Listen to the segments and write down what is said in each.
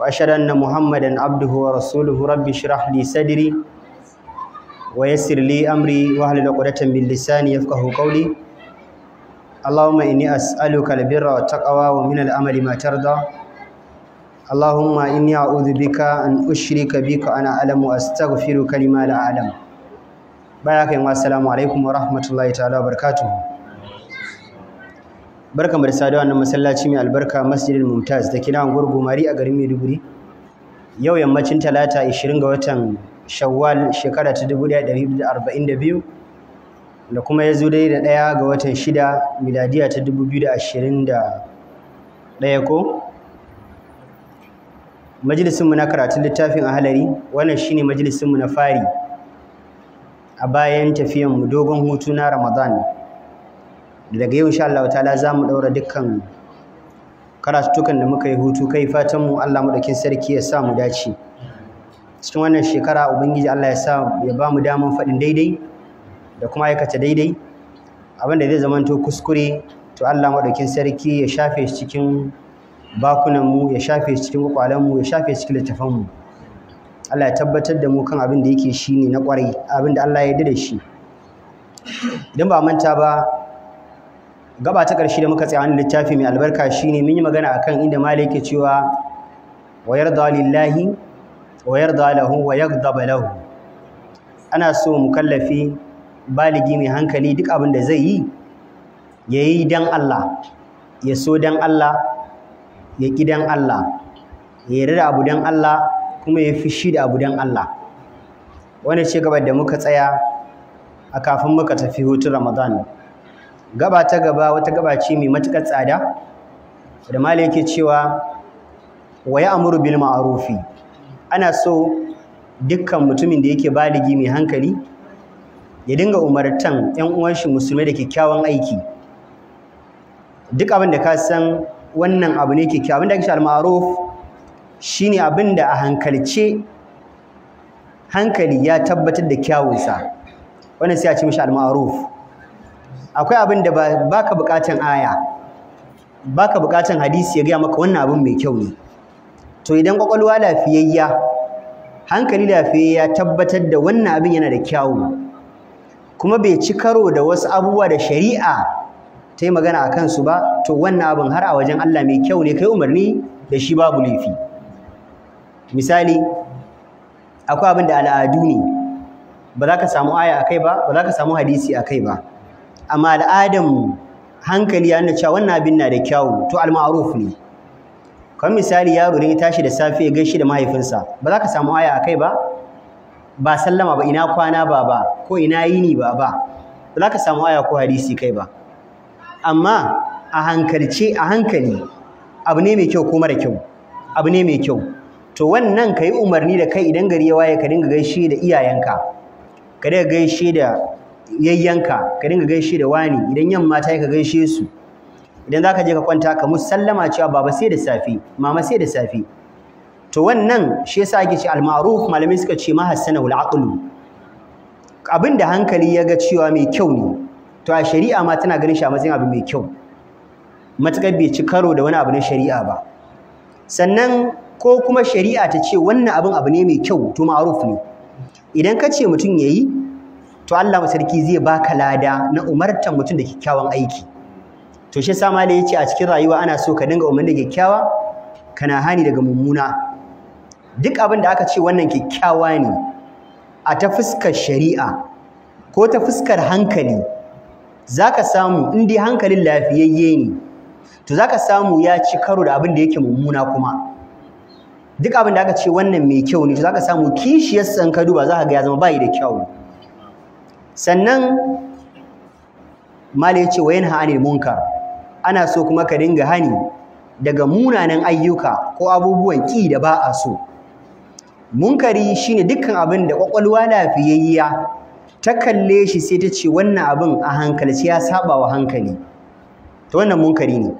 وأشهد أن محمدا عبده ورسوله ربي اشرح لي صدري ويسر لي أمري واهلل عقدة من لساني يفقه قولي اللهم إني أسألك البر والتقوى ومن الأمل ما ترضى اللهم إني أعوذ بك أن أشرك بك أنا أعلم وأستغفرك لما لا أعلم بارك الله السلام عليكم ورحمة الله تعالى وبركاته barka mu da saduwa wannan masallaci mai albarka masjidin mumtaz da kina gurgu mari a garin maiduguri yau yammacin talata 20 ga watan shawwal shekara ta 1442 da kuma ya zo dai da ɗaya ga watan shida miladiya ta 2021 ko majalisinmu na karatun littafin a halari wannan shine majalisinmu na fari a bayan tafiyanmu dogon hutu na ramadan daga yau insha Allah ta'ala za mu ɗaura dukkan karatutukan da muka yi hutu kai fatan mu Allah maɗaukin sarki ya sa mu dace cikin wannan shekara ubangiji Allah ya sa ya ba mu daman faɗin daidai da kuma aikata daidai abin da zai to kuskure to Allah maɗaukin sarki ya shafe shi cikin bakunan mu ya shafe shi cikin kwalan mu ya shafe shi cikin littafan mu Allah ya tabbatar da mu kan abin da yake ne na kwarai abin da Allah ya yarda da shi idan ba manta ba gaba ta ƙarshe da muka tsaya wani littafi mai albarka shine mun yi magana kan inda malai ke cewa wa yarda lillahi wa yarda lahu wa lahu ana so mu kallafi baligi mai hankali duk abin da zai yi yayi dan Allah ya so dan Allah ya ki dan Allah ya yarda da abu dan Allah kuma ya fishi da abu dan Allah wannan ce gaba da muka tsaya a kafin muka tafi hutun Ramadan gaba ta gaba wata gaba ce mai matukar tsada da malai yake cewa wa amuru bil ma'rufi ana so dukkan mutumin da yake baligi mai hankali ya dinga umartan 'yan uwan shi musulmai da kyakkyawan aiki duk abin da ka san wannan abu ne kyakkyawa abin da ake al-ma'ruf shine abin da a hankalce hankali ya tabbatar da kyawunsa wannan sai a ce mishi al-ma'ruf akwai abin da ba ka bukatan aya ba ka bukatan hadisi ya gaya maka wannan abin mai kyau ne to idan kwakwalwa lafiyayya hankali lafiyayya tabbatar da wannan abin yana da kyawu kuma bai ci karo da wasu abubuwa da shari'a ta yi magana a kansu ba to wannan abin har a wajen Allah mai kyau ne kai umarni da shi babu laifi misali akwai abin da al'adu ne ba za ka samu aya a kai ba ba za ka samu hadisi a kai ba amma al'adan hankali ya nuna cewa wannan abin na da kyawu to al-ma'ruf ne kamar misali yaro ne ya tashi da safe ya gaishe da mahaifinsa ba za ka samu aya akai ba ba sallama ba ina kwana ba ba ko ina yini ba ba ba za ka samu aya ko hadisi kai ba amma a hankalce a hankali abu ne mai kyau ko mara kyau abu ne mai kyau to wannan ka yi umarni da kai idan gari ya waye ka dinga gaishe da iyayenka ka dinga gaishe da yayyanka ka dinga gaishe da wani idan yamma ta yi ka gaishe su idan za ka je ka kwanta ka musallama cewa baba sai da safe mama sai da safe to wannan shi yasa ake ce al-ma'ruf malamai suka ce mahassana wal aqlu abin da hankali ya ga cewa mai kyau ne to a shari'a ma tana ganin shi a matsayin abu mai kyau matakar bai ci karo da wani abu na shari'a ba sannan ko kuma shari'a ta ce wannan abin abu ne mai kyau to ma'ruf ne idan ka ce mutum yi. to Allah sarki zai baka lada na umartan mutum da kyakkyawan aiki to shi yasa malai yace a cikin rayuwa ana so ka dinga umarni kyakkyawa kana hani daga mummuna duk abin da aka ce wannan kyakkyawa ne a ta fuskar shari'a ko ta fuskar hankali zaka samu in dai hankalin lafiyayye ne to zaka samu ya ci karo da abin da yake mummuna kuma duk abin da aka ce wannan mai kyau ne to zaka samu kishiyar san ka duba zaka ga ya zama bai da kyau sannan mala ya ce wa yin anil munkar ana so kuma ka dinga hani daga munanan ayyuka ko abubuwan ƙi da ba a so munkari shine dukkan abin da kwakwalwa lafiyayya ta kalle shi sai ta ce wannan abin a hankalci ya saba wa hankali ta wannan munkari ne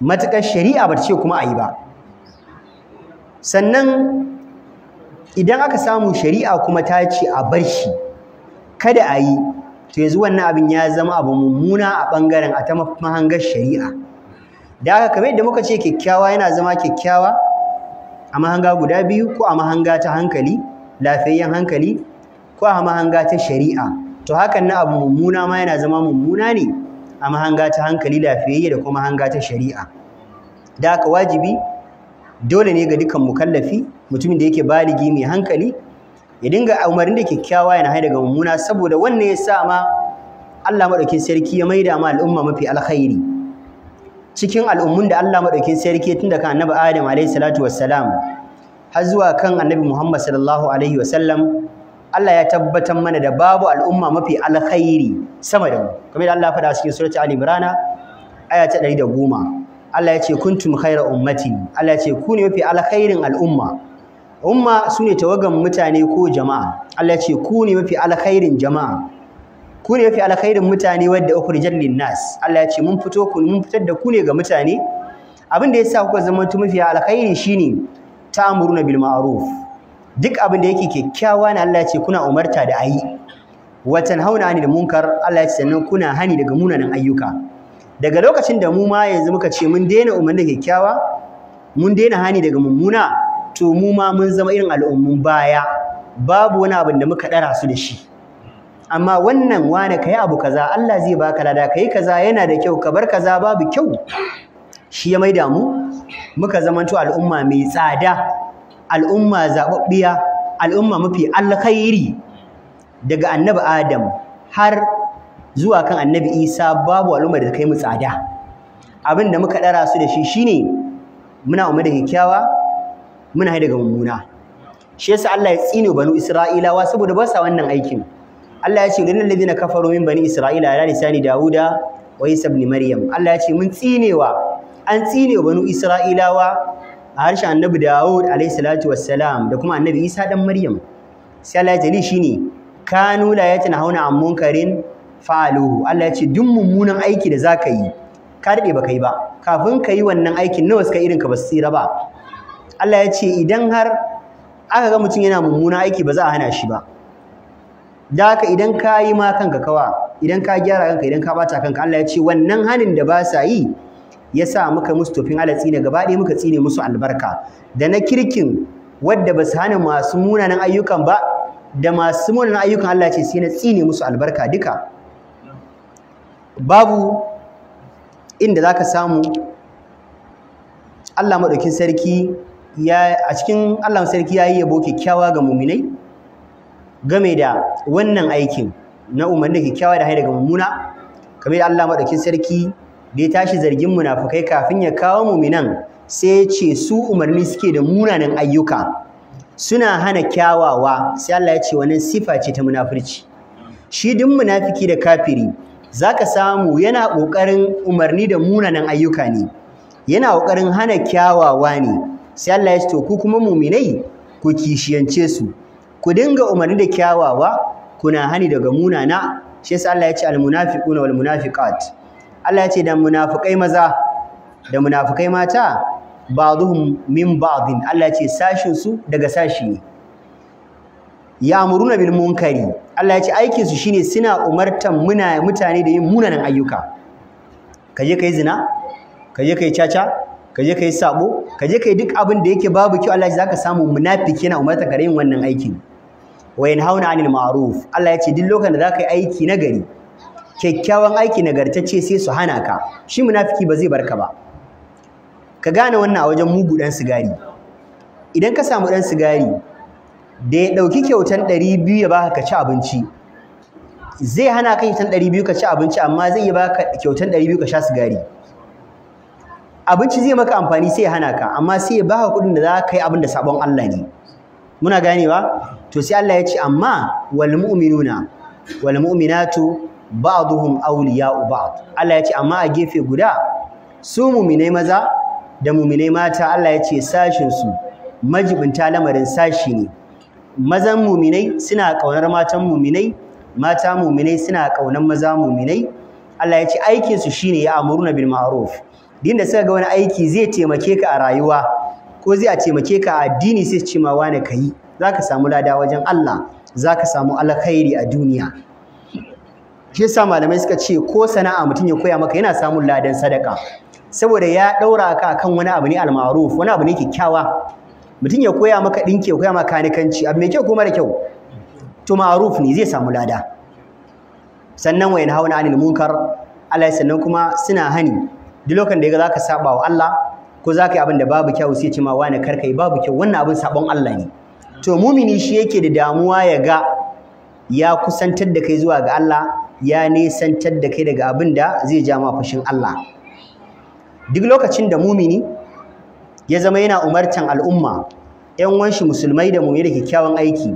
matuƙar shari'a ba ce kuma a yi ba sannan idan aka samu shari'a kuma ta ce a bar shi kada a yi to yanzu wannan abin ya zama abu mummuna a ɓangaren a ta mahangar shari'a da aka kamar yadda muka ce kyakkyawa yana zama kyakkyawa a mahanga guda biyu ko a mahanga ta hankali lafiyayyen hankali ko a mahanga ta shari'a to hakan na abu mummuna ma yana zama mummuna ne a mahanga ta hankali lafiyayye da kuma mahanga ta shari'a da haka wajibi dole ne ga dukkan mukallafi mutumin da yake baligi mai hankali ya dinga umarni da kyakkyawa yana haida daga mummuna saboda wannan ya sa ma Allah madaukin sarki ya maida ma al'umma mafi alkhairi cikin al'ummun da Allah madaukin sarki tun daga annabi Adam alaihi salatu wassalam har zuwa kan annabi Muhammad sallallahu alaihi wasallam Allah ya tabbatar mana da babu al'umma mafi alkhairi sama da mu kamar Allah faɗa cikin surati Ali Imran aya ta 110 Allah ya ce kuntum khayra ummatin Allah ya ce ku ne mafi alkhairin al'umma umma su ne tawagan mutane ko jama'a Allah ce ku ne mafi alkhairin jama'a ku ne mafi alkhairin mutane wadda ukhrijat lin nas Allah ya ce mun fito ku mun fitar da ku ne ga mutane abin da yasa kuka zama tu mafi alkhairi shine ta'muruna bil ma'ruf duk abin da yake kyakkyawa ne Allah ya ce kuna umarta da ayi wa tanhauna anil munkar Allah ya ce sannan kuna hani daga munanan ayyuka daga lokacin da mu ma yanzu muka ce mun daina umarni kyakkyawa mun daina hani daga mummuna to mu ma mun zama irin al'ummun baya babu wani abin da muka ɗara su da shi amma wannan wane ka abu kaza Allah zai baka lada ka kaza yana da kyau ka bar kaza babu kyau shi ya maida mu muka zamanto al'umma mai tsada al'umma zaɓaɓɓiya al'umma mafi alkhairi daga annabi adam har zuwa kan annabi isa babu al'umma da kai mu tsada abin da muka ɗara su da shi shine muna umar da kyakkyawa muna haɗa daga mummuna shi yasa Allah ya tsine banu Isra'ilawa saboda ba sa wannan aikin Allah ya ce lil ladina kafaru min bani Isra'ila ala lisani Dawuda wa Isa ibn Maryam Allah ya ce mun tsinewa an tsinewa banu Isra'ilawa a harshen Annabi Dawud alayhi salatu wassalam da kuma Annabi Isa dan Maryam sai Allah ya ce shine kanu la yatanhauna an munkarin fa'aluhu Allah ya ce duk mummunan aiki da zaka yi ka daɗe ba kai ba kafin ka yi wannan aikin nawa suka irin ka ba su tsira ba Allah ya ce idan har aka ga mutum yana mummuna aiki ba za a hana shi ba da haka idan ka yi ma kanka kawa idan ka gyara kanka idan ka bata kanka Allah ya ce wannan hanin da ba sa yi ya sa muka musu tofin ala tsine gaba ɗaya muka tsine musu albarka da na kirkin wadda ba su hana masu munanan ayyukan ba da masu munanan ayyukan Allah ya ce sai na tsine musu albarka duka babu inda za ka samu Allah maɗaukin sarki a cikin Allah sarki ya yi yabo kyakkyawa ga muminai game da wannan aikin na umarni kyakkyawa da hai ga mummuna kamar Allah madaukin sarki da ya tashi zargin munafukai kafin ya kawo muminan sai ya ce su umarni suke da munanan ayyuka suna hana kyawawa sai Allah ya ce wannan sifa ce ta munafurci shi duk munafiki da kafiri zaka samu yana kokarin umarni da munanan ayyuka ne yana kokarin hana kyawawa ne sai Allah ya ce to ku kuma muminai ku kishiyance su ku dinga umarni da kyawawa kuna hani daga munana shi yasa Allah ya ce almunafiquna wal munafiqat Allah ya ce da munafikai maza da munafikai mata ba'dhum min ba'din Allah ya ce sashin su daga sashi ne ya'muruna bil munkari Allah ya ce aikin su shine suna umartan muna mutane da yin munanan ayyuka kaje kai zina kaje kai caca ka je kai sabo ka je kai duk abin da yake babu kyau Allah ya zaka samu munafiki yana umarta ka yin wannan aikin wa yanhauna 'anil ma'ruf Allah ya ce duk lokacin da zaka yi aiki na gari. kyakkyawan aiki tace sai su hana ka shi munafiki ba zai barka ba ka gane wannan a wajen mugu dan sigari idan ka samu dan sigari da ya dauki kyautan 200 ya baka ka ci abinci zai hana ka kyautan 200 ka ci abinci amma zai yi baka kyautan 200 ka sha sigari abinci zai maka amfani sai ya hana ka amma sai ya baka kuɗin da za ka yi abin da sabon Allah ne muna gane ba? to sai Allah ya ce amma wal mu'minuna wal mu'minatu ba'dhum awliya'u ba'd Allah ya ce amma a gefe guda su mu'minai maza da mu'minai mata Allah ya ce sashin su majibinta lamarin sashi ne mazan mu'minai suna kaunar matan mu'minai mata mu'minai suna kaunar maza mu'minai Allah ya ce aikin su shine ya amuruna bil ma'ruf din da suka ga wani aiki zai taimake ka a rayuwa ko zai taimake ka a addini sai ce ma wani ka yi za samu lada wajen Allah zaka samu alkhairi a duniya shi yasa malamai suka ce ko sana'a mutum ya koya maka yana samun ladan sadaka saboda ya ɗaura ka kan wani abu ne almaruf wani abu ne kyakkyawa mutum ya koya maka ɗinki koya maka kanikanci abu mai kyau kuma da kyau to ma'aruf ne zai samu lada sannan wayan hauna anil munkar Allah sannan kuma suna hani duk lokacin da ya ga ka saba wa Allah ko za ka yi abin da babu kyau sai ci ma wani karkai babu kyau wannan abin sabon Allah ne to mumini shi yake da damuwa ya ga ya kusantar da kai zuwa ga Allah ya nesantar da kai daga abin da zai ja ma fushin Allah duk lokacin da mumini ya zama yana umartan al'umma ƴan wanshi musulmai da mumini da kyakkyawan aiki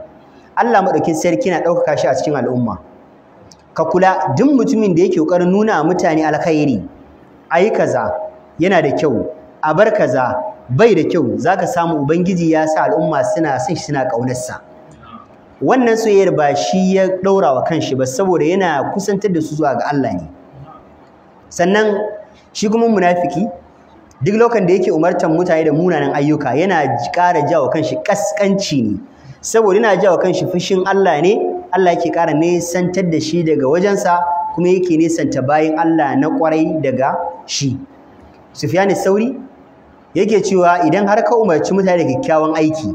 Allah madaukin sarki na ɗaukaka shi a cikin al'umma ka kula duk mutumin da yake ƙoƙarin nuna mutane alkhairi ayi kaza yana da kyau a bar kaza bai da kyau zaka samu ubangiji ya sa al'umma suna son shi suna ƙaunarsa wannan soyayyar ba shi ya ɗaura wa kanshi ba saboda yana kusantar da su zuwa ga Allah ne sannan shi kuma munafiki duk lokacin da yake umartar mutane da munanan ayyuka yana ƙara jawo kanshi kaskanci ne saboda yana jawo kanshi fushin Allah ne Allah yake ƙara nesantar da shi daga wajensa kuma yake nesanta bayan Allah na kwarai daga shi sufyani Sauri yake cewa idan har ka umarci mutane da kyakkyawan aiki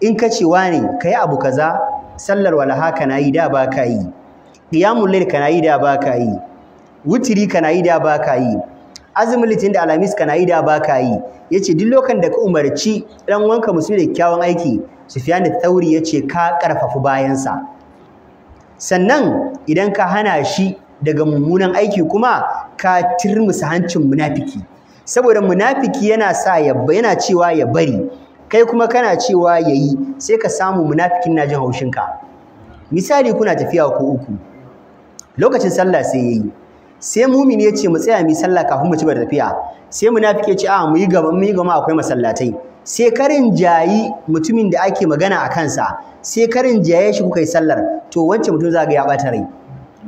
in ka ce wane yi abu kaza sallar walaha na yi da ba ka yi lil ka na yi da ba ka yi wutiri na yi da ba ka yi azumin litin da alamis na yi da ba ka yi ya ce duk lokacin da ka umarci ɗan wanka musulmi da kyakkyawan aiki sufyani sauri ya ce ka ƙarfafi bayansa sannan idan ka hana shi daga mummunan aiki kuma ka turmusa hancin munafiki saboda munafiki yana sa ya yana cewa ya bari kai kuma kana cewa ya yi sai ka samu munafikin na jin haushin ka. misali kuna tafiya ko uku lokacin sallah sai ya yi sai mumini ya ce mu tsaya mu yi sallah kafin mu ci bar tafiya sai munafiki ya ce a ah, mu yi gaba mu yi gaba akwai masallatai sai karin jayi mutumin da ake magana a kansa sai karin jaye shi kuka yi sallar to wancan mutum za ga ya ɓata rai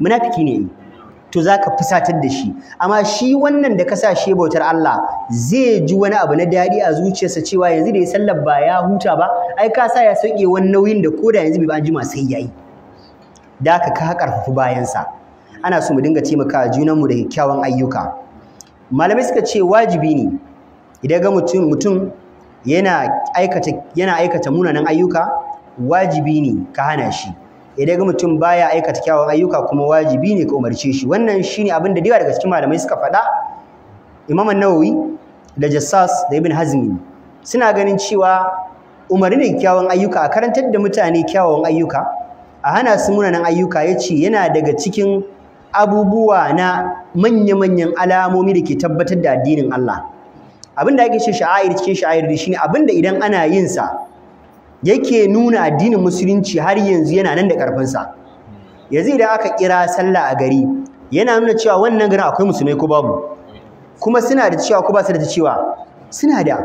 munafiki ne to za ka fusatar da shi amma shi wannan da ka sa shi bautar Allah zai ji wani abu na daɗi a zuciyarsa cewa yanzu da ya sallar ba ya huta ba ai ka sa ya sauke wani nauyin da koda yanzu bai ba jima sai yayi da ka ka karfafi bayansa ana so mu dinga taimakawa junanmu da kyakkyawan ayyuka malamai suka ce wajibi ne idan ga mutum mutum yana aikata munanan ayyuka wajibi ne ka hana shi idan ga mutum baya aikata kyawawan ayyuka kuma wajibi ne ka umarce shi wannan shine abin da daga cikin malamai suka faɗa Imam An-Nawawi da Jassas da Ibn Hazmi suna ganin cewa umarnin kyawun ayyuka a karantar da mutane kyawawan ayyuka a hana su munanan ayyuka yace yana daga cikin abubuwa na manya-manyan alamomi da ke tabbatar da addinin Allah abin da ake ce sha'air cikin sha'air shine abin da idan ana yin sa yake nuna addinin musulunci har yanzu yana nan da karfin sa yanzu idan aka kira sallah a gari yana nuna cewa wannan garin akwai musulmai ko babu kuma suna da cewa ko ba su da cewa suna da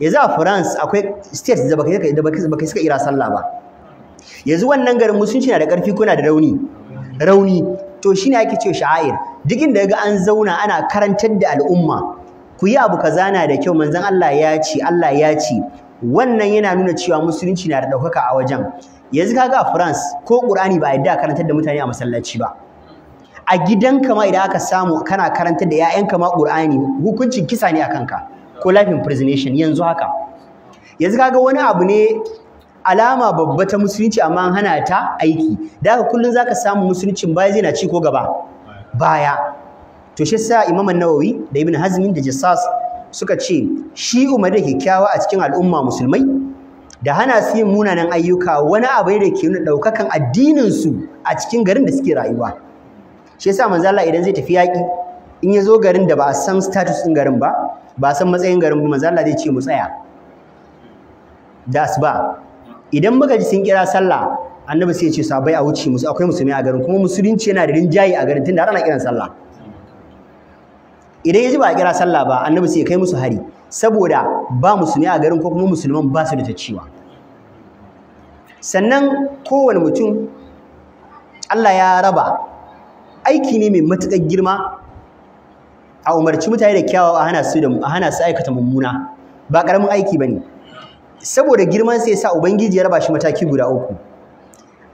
yanzu a France akwai state da baka da baka suka kira sallah ba yanzu wannan garin musulunci na da karfi kuna da rauni rauni to shine ake cewa sha'air duk inda ga an zauna ana karantar da al'umma ku yi abu kaza na da kyau manzon Allah ya ce Allah ya ci wannan yana nuna cewa musulunci na da ɗaukaka a wajen yanzu kaga a France ko Qur'ani ba a yadda karantar da mutane a masallaci ba a gidanka ma idan aka samu kana karantar da yayan ka ma Qur'ani hukuncin kisa ne a ka ko life imprisonation yanzu haka yanzu kaga wani abu ne alama babba ta musulunci amma an hana ta aiki da haka kullun zaka samu musuluncin baya zai na ci ko gaba baya to shi sa Imam An-Nawawi da Ibn Hazm da Jassas suka ce shi umar da kyakkyawa a cikin al'umma musulmai da hana su yin munanan ayyuka wani abu da ke nuna ɗaukakan addinin su a cikin garin da suke rayuwa shi yasa manzo Allah idan zai tafi yaki in ya zo garin da ba a san status ɗin garin ba ba a san matsayin garin ba manzo Allah zai ce mu tsaya da asuba idan muka ji sun kira sallah annabi sai ya ce sabai a wuce musu akwai musulmi a garin kuma musulunci yana da rinjayi a garin tunda har ana kiran sallah idan ya ji ba a kira sallah ba annabi sai ya kai musu hari saboda ba musulmi a garin ko kuma musulman ba su da ta ciwa sannan kowane mutum Allah ya raba aiki ne mai matuƙar girma a umarci mutane da kyawawa a hana su da a hana su aikata mummuna ba karamin aiki bane saboda girman sai ya sa ubangiji ya raba shi mataki guda uku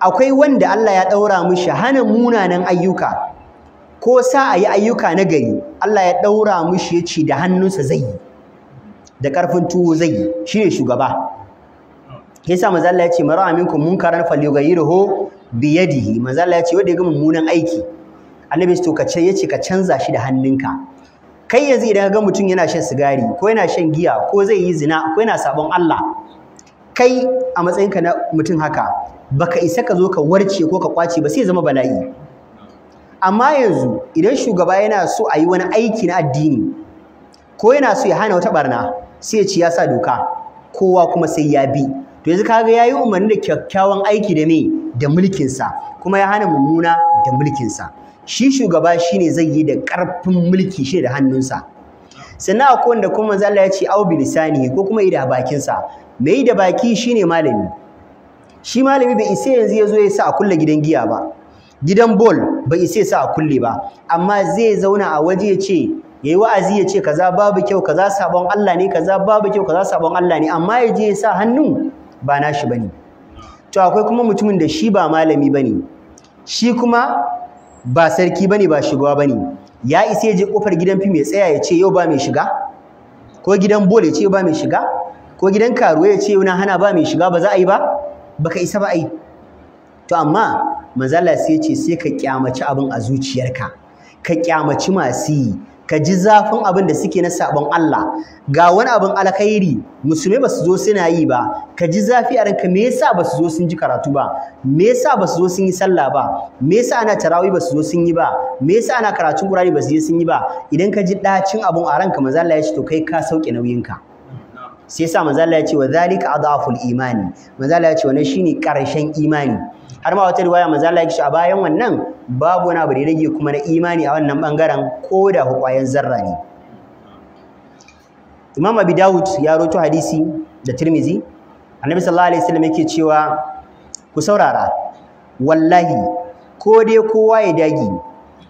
akwai wanda Allah ya ɗaura mishi hana munanan ayyuka ko sa a yi ayyuka na gari Allah ya ɗaura mushi ya ce da hannunsa zai yi da ƙarfin tuwo zai yi shi ne shugaba yasa sa mazalla ya ce mara aminkum munkaran falyughayyiruhu bi yadihi manzo Allah ya ce wadda ya ga mummunan aiki annabi to ka ce yace ka canza shi da hannunka kai yanzu idan ka ga mutum yana shan sigari ko yana shan giya ko zai yi zina ko yana sabon Allah kai a matsayinka na mutum haka baka isa ka zo ka warce ko ka kwace ba sai zama bala'i amma yanzu idan shugaba yana so a yi wani aiki na addini ko yana so ya hana wata barna sai ya ci ya sa doka kowa kuma sai ya bi to yanzu kaga yayi umarni da kyakkyawan aiki da me da mulkin sa kuma ya hana mummuna da mulkin sa shi shugaba shine zai yi da karfin mulki shi da hannunsa sannan akwai wanda kuma manzo Allah ya ce au bilisani ko kuma ida bakin sa mai da baki shine malami shi malami bai isa yanzu ya zo ya sa a kulle gidan giya ba gidan bol bai isa sa a kulle ba amma zai zauna a waje ya ce yayi wa'azi ya ce kaza babu kyau kaza sabon Allah ne kaza babu kyau kaza sabon Allah ne amma ya je ya sa hannu ba nashi bane to akwai kuma mutumin da shi ba malami bane shi kuma ba sarki bane ba shugaba bane ya isa ya je kofar gidan fim ya tsaya ya ce yau ba mai shiga ko gidan bol ya ce ba mai shiga ko gidan karuwa ya ce na hana ba mai shiga ba za a yi ba baka isa ba ai to amma manzala sai ce sai ka kyamaci abin a zuciyarka ka kyamaci masu yi ka ji zafin abin da suke na sabon Allah ga wani abin alkhairi musulmai ba su zo suna yi ba ka ji zafi a ranka me yasa ba su zo sun ji karatu ba me yasa ba su zo sun yi sallah ba me yasa ana tarawih ba su zo sun yi ba me yasa ana karatun Qur'ani ba su je sun yi ba idan ka ji dacin abin a ranka manzo ya ce to kai ka sauke nauyinka sai yasa manzo Allah ya ce wa zalika adaful imani manzo Allah ya ce wannan shine karshen imani har ma wata riwaya manzo Allah kishi a bayan wannan babu wani abu da rage kuma na imani a wannan bangaren ko da hukwayen zarra ne Imam Abi Dawud ya roto hadisi da Tirmizi Annabi sallallahu alaihi wasallam yake cewa ku saurara wallahi ko dai kowa ya dagi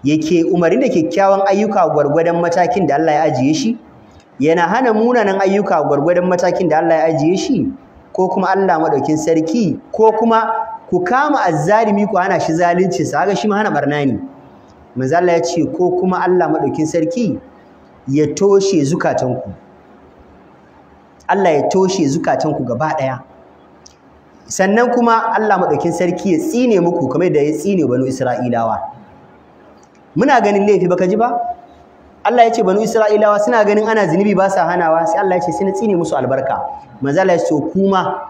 yake umarin da kyakkyawan ayyuka gwargwadon matakin da Allah ya ajiye shi yana hana munanan ayyuka gwargwadon matakin da Allah ya ajiye shi ko kuma Allah madaukin sarki ko kuma ku kama azzalimi ku hana shi zalunci sa ga shi ma hana barna ne manzo Allah ya ce ko kuma Allah madaukin sarki ya toshe zukatanku Allah ya toshe ku gaba daya sannan kuma Allah madaukin sarki ya tsine muku kamar da ya tsine banu Isra'ilawa muna ganin laifi baka ji ba Allah ya ce banu Isra'ilawa suna ganin ana zinubi ba sa hanawa sai Allah ya ce sai na tsine musu albarka manzo Allah ya ce kuma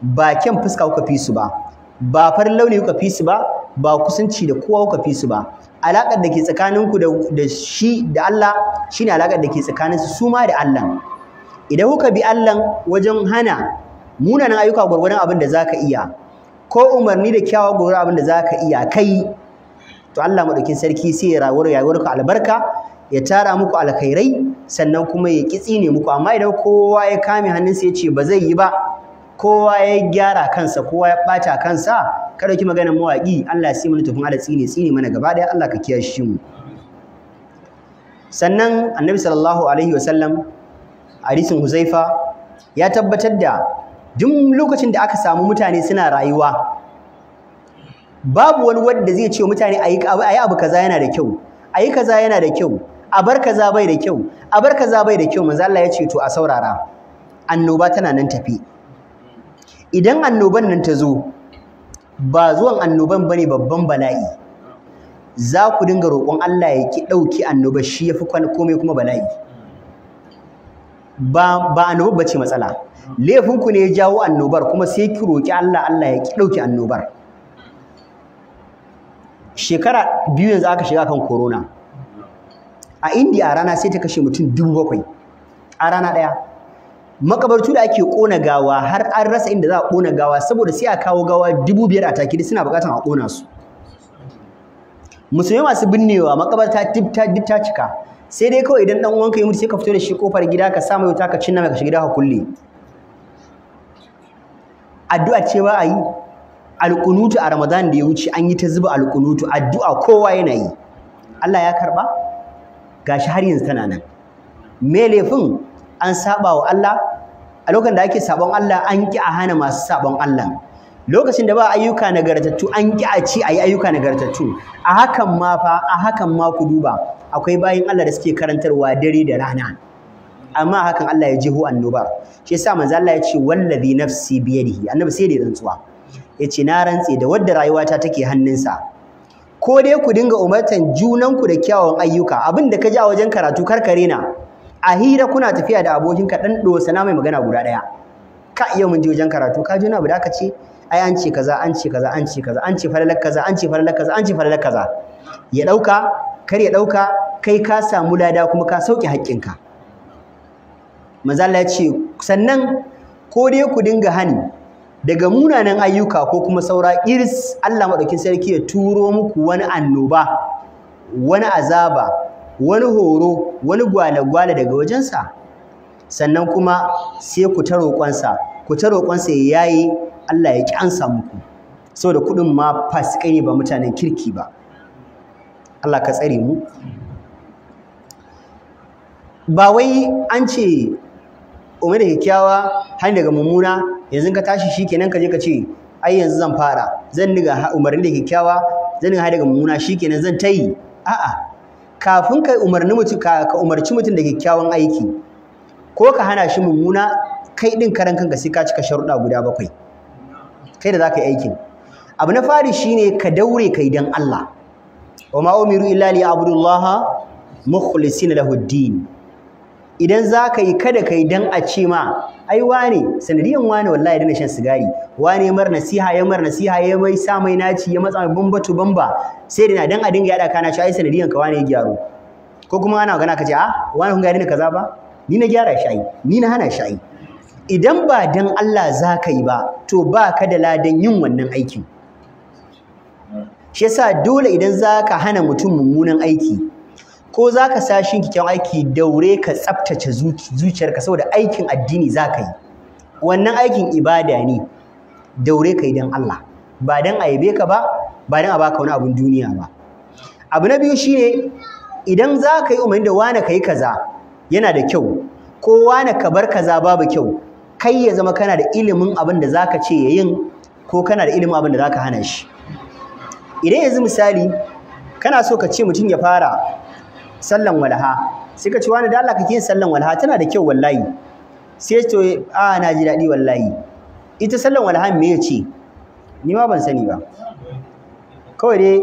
ba kyan fuska kuka fi su ba ba farin launi kuka fi su ba ba kusanci da kowa kuka fi su ba alaƙar da ke tsakaninku da shi da Allah shine alaƙar da ke tsakanin su ma da Allah idan kuka bi Allah wajen hana munanan ayyuka gwargwadon abin da zaka iya ko umarni da kyawawa gwargwadon abin da zaka iya kai to Allah madaukin sarki sai ya rawar rayuwarku albarka ya tara muku alkhairai sannan kuma ya kitsi ne muku amma idan kowa ya kame hannunsa ya ce ba zai yi ba kowa ya gyara kansa kowa ya ɓata kansa kada ki maganar mawaƙi Allah ya sai mana tufin ala tsine tsine mana gaba ɗaya Allah ka shi mu sannan annabi sallallahu alaihi wasallam hadisin huzaifa ya tabbatar da duk lokacin da aka samu mutane suna rayuwa babu wani wanda zai ce mutane ayi abu kaza yana da kyau ayi kaza yana da kyau a bar kaza bai da kyau a bar kaza bai da kyau manzo Allah ya ce to a saurara annoba tana nan tafi idan annoban nan ta zo ba zuwan annoban bane babban bala'i za ku dinga roƙon Allah ya ki ɗauki annoba shi ya fi komai kuma bala'i ba ba annoba bace matsala laifinku ne ya jawo annobar kuma sai ki roƙi Allah Allah ya ki ɗauki annobar shekara biyu yanzu aka shiga kan corona a indiya a rana sai ta kashe mutum dubu bakwai a rana ɗaya makabartu da ake ƙona gawa har an rasa inda za a ƙona gawa saboda sai a kawo gawa dubu biyar a take suna buƙatar a ƙona su musulmai masu binnewa makabarta ta cika sai dai kawai idan dan uwanka ya mutu sai ka fito da shi kofar gida ka sa mai wuta ka cinna mai ka shiga gida ka kulle addu'a ce ba a yi alƙunutu a Ramadan da ya wuce an yi ta zuba alƙunutu addu'a kowa yana yi Allah ya karba gashi har yanzu tana nan me laifin an saba wa Allah a lokacin da ake sabon Allah an ki a hana masu sabon Allah lokacin da ba ayyuka nagartattu an ki a ci a yi ayyuka nagartattu a hakan ma fa a hakan ma ku duba akwai bayin Allah da suke karantarwa dare da rana amma hakan Allah ya jiho annobar shi yasa manzo Allah ya ce wallazi nafsi yadihi annabi sai da rantsuwa ya ce na rantse da wadda rayuwata take hannunsa ko dai ku dinga umartan junanku da kyawawan ayyuka abin da ka ji a wajen karatu karkare na a hira kuna tafiya da abokinka dan dosana mai magana guda daya ka iya mun je wajen karatu ka ji na abu da aka ce ai an ce kaza an ce kaza an ce kaza an ce falalar kaza an ce falalar kaza an ce falalar kaza ya dauka kar ya dauka kai ka samu lada kuma ka sauke haƙƙinka manzo Allah ya ce sannan ko dai ku dinga hani daga munanan ayyuka ko kuma saura iris Allah madaukin sarki ya turo muku wani annoba wani azaba wani horo wani gwale-gwale daga wajensa sannan kuma sai ku ta roƙonsa ku ta roƙonsa ya yayi Allah ya kyansa muku saboda kuɗin ma fasikai ne ba mutanen kirki ba Allah ka tsare mu ba wai an ce umar da kyakkyawa hanyar daga mummuna yanzu ka tashi shikenan ka je ka ce ai yanzu zan fara zan niga umarni da kyakkyawa zan niga daga mummuna shikenan zan ta yi. a'a kafin ka umarni mutum ka umarci mutum da kyakkyawan aiki ko ka hana shi mummuna kai din karan kanka sai ka cika sharuɗa guda bakwai kai da zaka yi aikin abu na fari shine ka daure kai dan Allah wa ma umiru illa li abdullah mukhlisina lahu din idan zaka yi kada kai dan a ce ma ai wane sanadiyan wane wallahi ya dana shan sigari wane mar nasiha ya mar nasiha ya mai sa mai naci ya matsa mai bambatu bamba sai dina dan a dinga yada kana shi ai sanadiyan ka wane ya gyaro ko kuma ana magana ka ce a ah, wane kun ga daina kaza ba ni na gyara shi ni na hana shi idan ba dan Allah za ka yi ba to ba ka da ladan yin wannan aikin shi yasa dole idan za ka hana mutum mummunan aiki ko za ka sa shi kyakkyawan aiki daure ka tsaftace zuciyarka saboda aikin addini za ka yi wannan aikin ibada ne daure ka yi don Allah ba don a yabe ka ba ba don a baka wani abun duniya ba abu na biyu shine idan za ka yi umarni da wane ka yi kaza yana da kyau ko wane ka bar kaza babu kyau kai ya zama kana da ilimin abin da za ka ce ya yin ko kana da ilimin abin da za ka hana shi idan yanzu misali kana so ka ce mutum ya fara sallan walaha sai ka wani da Allah kake yin sallan walaha tana da kyau wallahi sai to a na ji daɗi wallahi ita sallan walaha me ya ce ni ma ban sani ba kawai dai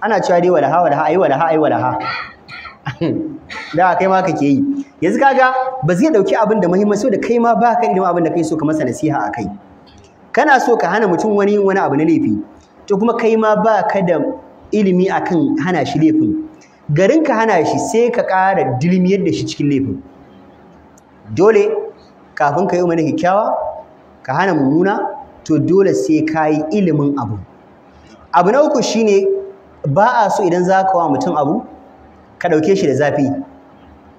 ana cewa dai walaha walaha ai walaha ai walaha da kai ma kake yi yanzu kaga ba zai dauki abin da muhimmanci da kai ma ba ka ilimin abin da kai so ka masa nasiha a kai kana so ka hana mutum wani yin wani abu na laifi to kuma kai ma ba ka da ilimi akan hana shi laifin garin ka hana shi sai ka ƙara dilmiyar da shi cikin laifin dole kafin ka yi umarni kyakkyawa ka hana mummuna to dole sai ka yi ilimin abu abu na uku shine ba a so idan za ka wa mutum abu ka ɗauke shi da zafi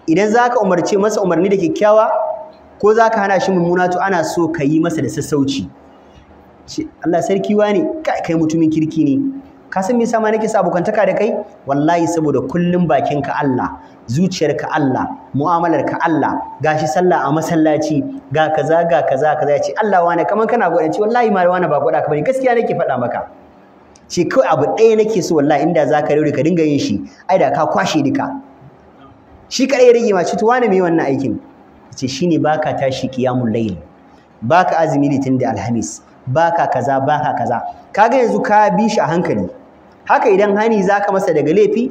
idan za ka umarce masa umarni da kyakkyawa ko za ka hana shi mummuna to ana so ka yi masa da sassauci Allah sarki wa ne kai mutumin kirki ne ka san me yasa ma nake sa abokantaka da kai wallahi saboda kullum ka Allah zuciyarka Allah mu'amalar ka Allah gashi sallah a masallaci ga kaza ga kaza kaza ya ce Allah wani kaman kana gwadanci wallahi ma wani ba gwada ka bane gaskiya nake faɗa maka ce kawai abu ɗaya nake so wallahi inda za ka rure ka dinga yin shi ai da ka kwashe duka shi kaɗai ya rage ma ci tuwa me mai wannan aikin ce shine baka tashi kiyamul layl baka azumi litin da alhamis baka kaza baka kaza kaga yanzu ka bi shi a hankali haka idan hani zaka masa daga laifi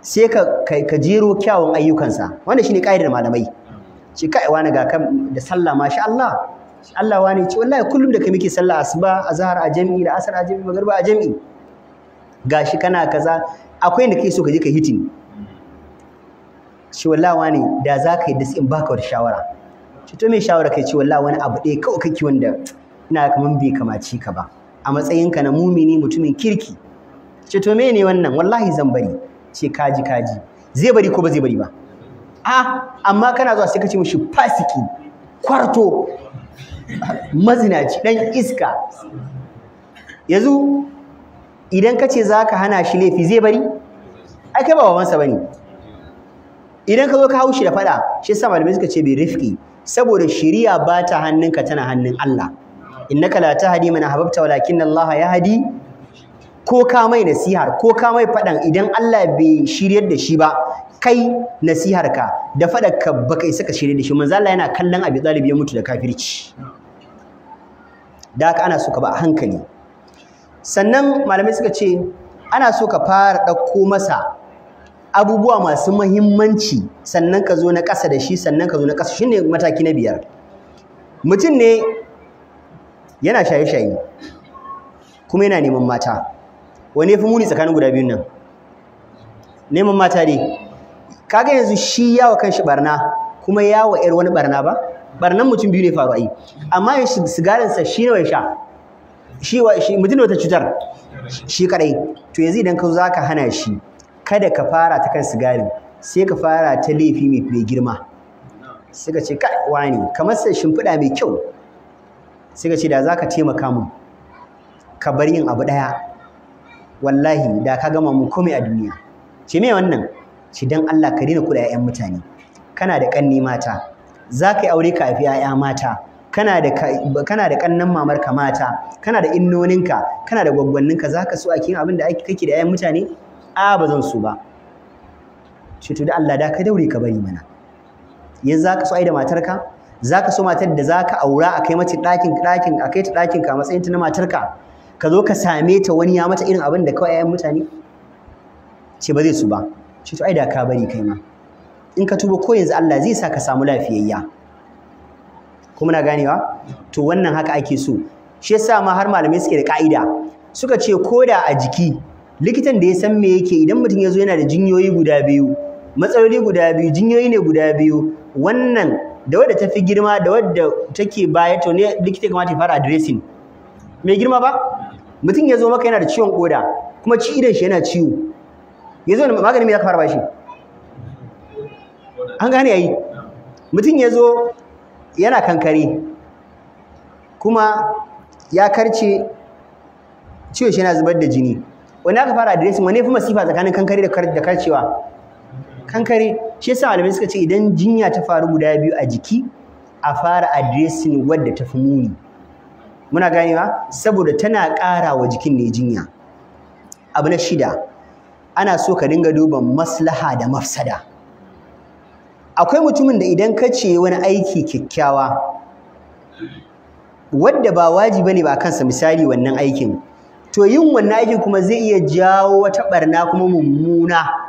sai ka ka jero kyawun ayyukansa wannan shine kaidar malamai shi kai wani ga kan da sallah masha Allah Allah wani ce wallahi kullum da ka miki sallah asuba azhar a jami'i da asar a jami'i magriba a jami'i gashi kana kaza akwai inda kai so ka je ka hitin shi wallahi wani da za ka yi da in baka wata shawara shi to me shawara kai ce wallahi wani abu dai kawai kake wanda ina kaman bai kamaci ka ba a matsayinka na mumini mutumin kirki ce to me ne wannan wallahi zan bari ce kaji kaji zai bari ko ba zai bari ba a amma kana zuwa sai ka ce mishi fasiki kwarto mazinaci dan iska yanzu idan ka ce za ka hana shi laifi zai bari ai kai ba babansa ba ne idan ka zo ka haushi da faɗa shi sa malamai suka ce bai rifki saboda shiriya ba ta hannunka tana hannun Allah innaka la tahdi man ahbabta walakin Allah yahdi ko ka mai nasihar ko ka mai fadan idan Allah bai shiryar da shi ba kai nasihar ka da fadar ka baka isa ka shiryar da shi manzo Allah yana kallon Abi Talib ya mutu da kafirci da haka ana so ka ba a hankali sannan malamai suka ce ana so ka fara ɗauko masa abubuwa masu mahimmanci sannan ka zo na kasa da shi sannan ka zo na ƙasa shine mataki na biyar mutum ne yana shaye-shaye kuma yana neman mata wani ya fi muni tsakanin guda biyun nan neman mata ne kaga yanzu shi yawa kanshi barna kuma yawa yar wani barna ba barnan mutum biyu ne faru ai amma ya sigarinsa shi ne wai sha shi wa shi mutum wata cutar shi kadai to yanzu idan ka za ka hana shi kada ka fara ta kan sigarin sai ka fara ta laifi mai girma suka ce kai wani kamar sai shimfiɗa mai kyau sai ka ce da za ka taimaka mun ka bar yin abu ɗaya wallahi da ka gama mun komai a duniya ce me wannan ce dan Allah ka daina kula 'ya'yan mutane kana da ƙanni mata za ka yi aure ka haifi 'ya'ya mata kana da kana da kannan mamarka mata kana da innoninka kana da gwaggwanninka za ka so a kin abin da kake da 'ya'yan mutane a ba zan so ba ce to da Allah da ka daure ka bari mana yanzu za ka so ai da matarka zaka so matar da za ka aura a kai mace ɗakin ɗakin a kai ta ɗakin ka matsayin ta na matarka ka zo ka same ta wani ya mata irin abin da kawai ayyan mutane ce ba zai su ba ce to ai da ka bari kai ma in ka tuba ko yanzu Allah zai sa ka samu lafiyayya kuma na ganewa to wannan haka ake so shi yasa ma har malamai suke da ka'ida suka ce koda a jiki likitan da ya san me yake idan mutum ya zo yana da jinyoyi guda biyu matsaloli guda biyu jinyoyi ne guda biyu wannan da wadda ta fi girma da wadda take baya to ne likita kamata ya fara addressing mai girma ba mutum ya zo maka yana da ciwon koda kuma ci idan shi yana ciwo ya zo magani me za fara bashi an gane yayi mutum ya zo yana kankare kuma ya karce ciwo shi yana zubar da jini wani aka fara adiresin wani fi masifa tsakanin kankare da karcewa kankare shi yasa malamai suka ce idan jinya ta faru guda biyu a jiki a fara addressing wadda ta fi muni muna ganewa saboda tana ƙara wa jikin ne jinya abu na shida ana so ka dinga duba maslaha da mafsada akwai mutumin da idan ka ce wani aiki kyakkyawa wadda ba wajibi ne ba kansa misali wannan aikin to yin wannan aikin kuma zai iya jawo wata barna kuma mummuna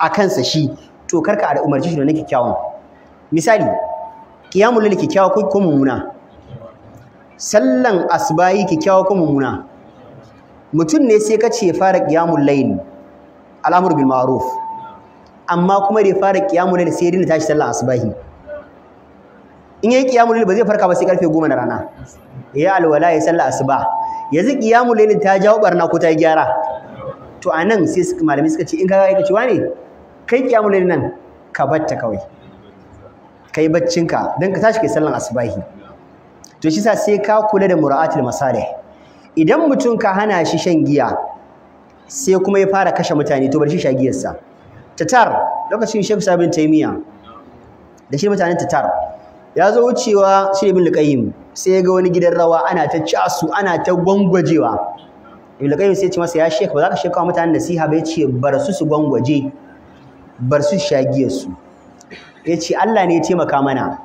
a kansa shi to karka a umarci shi da na kyakkyawan misali kiyamun lili kyakkyawa ko ko mummuna sallan asbayi kyakkyawa ko mummuna mutum ne sai ka ce fara kiyamun layl al'amur bil ma'ruf amma kuma da ya fara kiyamun lili sai ya tashi sallan asbahi in yayi kiyamun lili ba zai farka ba sai karfe 10 na rana ya alwala ya sallar asuba yanzu kiyamun lili ta jawo barna ko ta gyara to anan sai malamai suka ce in ka ga ka ce wane kai kiyamul nan ka batta kawai kai baccinka dan ka tashi kai sallan asbahi to shi sa sai ka kula da mura'atul masalih idan mutum ka hana shi shan giya sai kuma ya fara kashe mutane to bar shi sha giyarsa tatar lokacin Sheikh Sabin Taymiya da shi mutanen tatar ya zo wucewa shi ibn al sai ya ga wani gidan rawa ana ta casu ana ta gwangwajewa ibn al sai ya ce masa ya sheikh ba za ka shekawa mutanen nasiha ba ya ce bar su su gwangwaje bar su shagiyarsu ya ce Allah ne ya taimaka mana